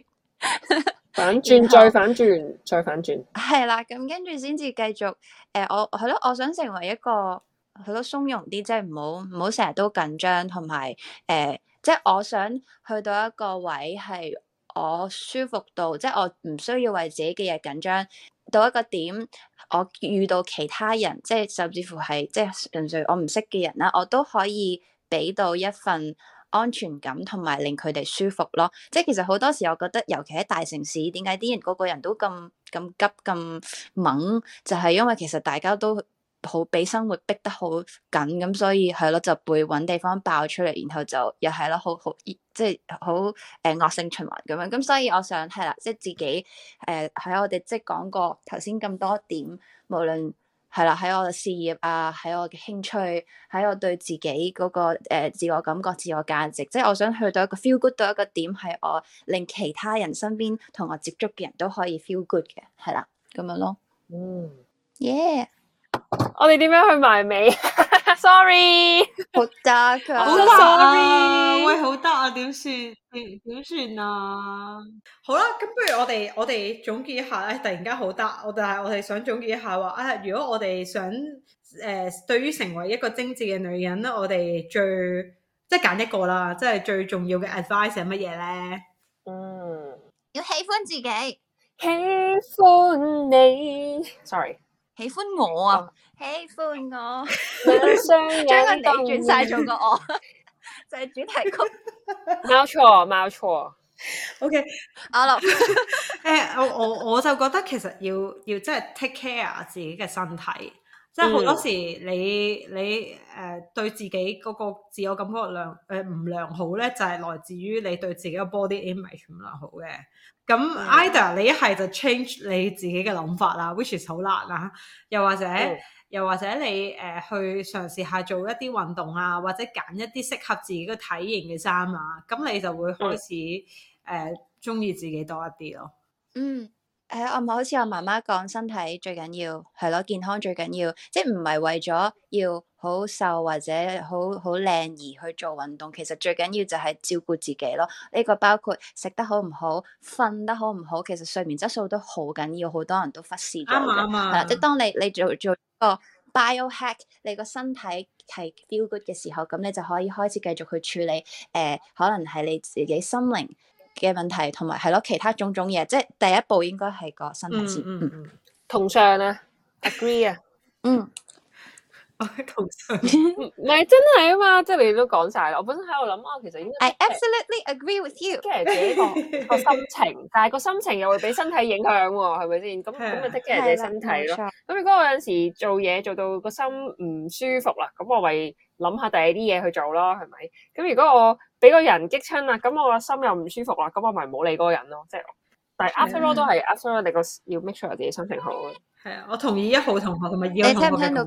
反轉 後再反轉再反轉，係啦，咁跟住先至繼續誒、呃，我係咯，我想成為一個。佢都鬆容啲，即係唔好唔好成日都緊張，同埋誒，即係我想去到一個位係我舒服到，即係我唔需要為自己嘅嘢緊張。到一個點，我遇到其他人，即係甚至乎係即係純粹我唔識嘅人啦，我都可以俾到一份安全感同埋令佢哋舒服咯。即係其實好多時，我覺得尤其喺大城市，點解啲人個個人都咁咁急咁猛？就係因為其實大家都。好俾生活逼得好緊咁，所以係咯，就會搵地方爆出嚟，然後就又係咯，好好即係好誒惡性循環咁樣。咁所以我想係啦，即係自己誒喺、呃、我哋即係講過頭先咁多點，無論係啦喺我嘅事業啊，喺我嘅興趣，喺、啊、我對自己嗰、那個誒、呃、自我感覺、自我價值，即係我想去到一個 feel good 到一個點，係我令其他人身邊同我接觸嘅人都可以 feel good 嘅，係啦咁樣咯。嗯、mm. y、yeah. 我哋點樣去埋尾 ？Sorry， 好得、啊，好得 so sorry，喂，好得啊！點算點點算啊？好啦，咁不如我哋我哋總結一下咧、哎。突然間好得，但我但係我哋想總結一下話啊。如果我哋想誒、呃，對於成為一個精緻嘅女人咧，我哋最即係揀一個啦，即係最重要嘅 advice 係乜嘢咧？嗯，要喜歡自己，喜歡你。Sorry。喜歡我啊！喜歡我，將個你轉晒做個我， 就係主題曲。冇錯，冇錯。OK，阿樂，誒，我我我就覺得其實要要真係 take care 自己嘅身體。即係好多時你，你你誒、呃、對自己嗰個自我感覺良誒唔良好咧，就係、是、來自於你對自己個 body image 唔良好嘅。咁，嗯、Either 你一係就 change 你自己嘅諗法啦，which is 好難啦。又或者，嗯、又或者你誒、呃、去嘗試下做一啲運動啊，或者揀一啲適合自己個體型嘅衫啊，咁你就會開始誒中意自己多一啲咯。嗯。係啊，我好似我媽媽講，身體最緊要係咯，健康最緊要，即係唔係為咗要好瘦或者好好靚而去做運動，其實最緊要就係照顧自己咯。呢個包括食得好唔好、瞓得好唔好，其實睡眠質素都好緊要，好多人都忽視咗嘅。啊，啱啊，即係當你你做做一個 biohack，你個身體係 feel good 嘅時候，咁你就可以開始繼續去處理誒、呃，可能係你自己心靈。嘅問題，同埋係咯，其他種種嘢，即係第一步應該係個身體先。同上啊，agree 啊，嗯，同上，唔係真係啊嘛，即係你都講晒啦。我本身喺度諗啊，其實應該、就是，I absolutely agree with you、 這個。即係人哋個個心情，但係個心情又會俾身體影響喎、啊，係咪先？咁咁咪即係人哋身體咯。咁 如果我有陣時做嘢做到個心唔舒服啦，咁我咪諗下第二啲嘢去做咯，係咪？咁如果我。俾個人激親啊！咁我個心又唔舒服啦，咁我咪冇理嗰個人咯。即、就、係、是，但係阿 Sir 都係阿 Sir，你個要 make sure 自己心情好。係啊， yeah, 我同意一號同學同埋二號同學嘅看法。你聽唔聽到？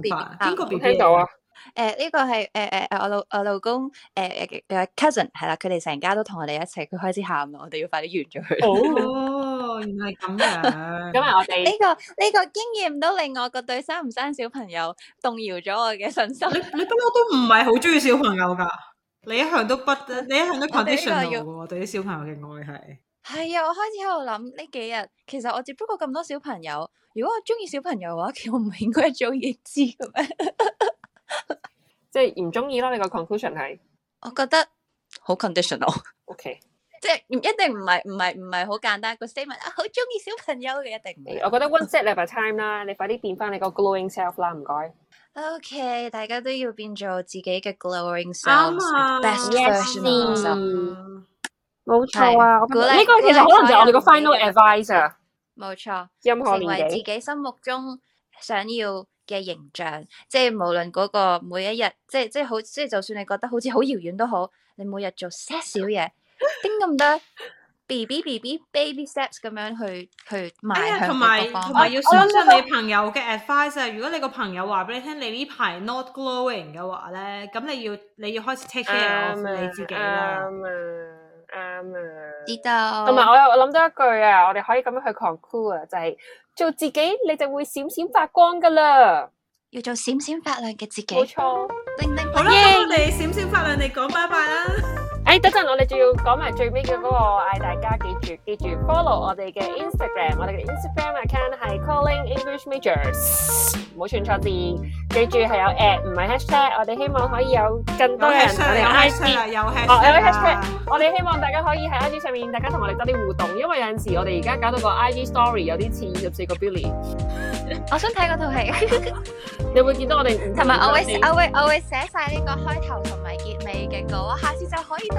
邊個 B B 聽到啊？誒呢、 欸這個係誒誒誒我老我老公誒誒嘅 cousin 係、欸、啦，佢哋成家都同我哋一齊，佢開始喊啦，我哋要快啲完咗佢。哦，oh, 原嚟咁樣。今 日我哋們呢、 這個呢、這個經驗都令我個對生唔生小朋友動搖咗我嘅信心 你。你你畢孬都唔係好中意 小朋友㗎。你一向都不得，你一向都 conditional 嘅喎，對啲小朋友嘅愛係。係啊，我開始喺度諗呢幾日，其實我接觸過咁多小朋友。如果我中意小朋友嘅話，其實我唔應該做嘢知嘅咩？即係唔中意咯？你個 conclusion 係？我覺得好 conditional。O K，即係唔一定，唔係唔係唔係好簡單個 statement 啊，好中意小朋友嘅一定。我覺得 one step at a time 啦，你快啲變返你個 glowing self 啦，唔該。O.K.，大家都要變做自己嘅 glowing self，best version。冇錯、yes. so, um, 啊，鼓勵我覺得呢個其實可能就係我哋個 final advisor 冇錯，成為自己心目中想要嘅形，形象，即係無論嗰個每一日，即係即係好，即係就算你覺得好似好遙遠都好，你每日做些少嘢，丁咁多。B B B B Baby Steps 咁樣去去邁向一個方向。要相信、哎、你朋友嘅 advice 啊，如果你個朋友話俾你聽你呢排 not glowing 嘅話咧，咁你要你要開始 take care、啊、你自己啦。啱啊啱啊，啊，啊知道。同埋我又諗到一句啊，我哋可以咁樣去 conclude 啊，就係做自己你就會閃閃發光噶啦。要做閃閃發亮嘅自己。冇錯錯。零零好啦，我哋閃閃發亮地講拜拜啦。誒，等陣我哋仲要講埋最尾嘅嗰個，嗌，大家記住記住 follow 我哋嘅 Instagram，我哋嘅 Instagram account 係 Calling English Majors，唔好串錯字，記住係有@唔係#，我哋希望可以有更多嘅人喺我哋 IG 哦，有#，我哋希望大家可以喺 IG 上面，大家同我哋多啲互動，因為有陣時我哋而家搞到個 IG story 有啲似二十四個 Billy，我想睇嗰套戲，你會見到我哋唔同嘅。同埋我會我會我會寫晒呢個開頭同埋結尾嘅稿，我下次就可以。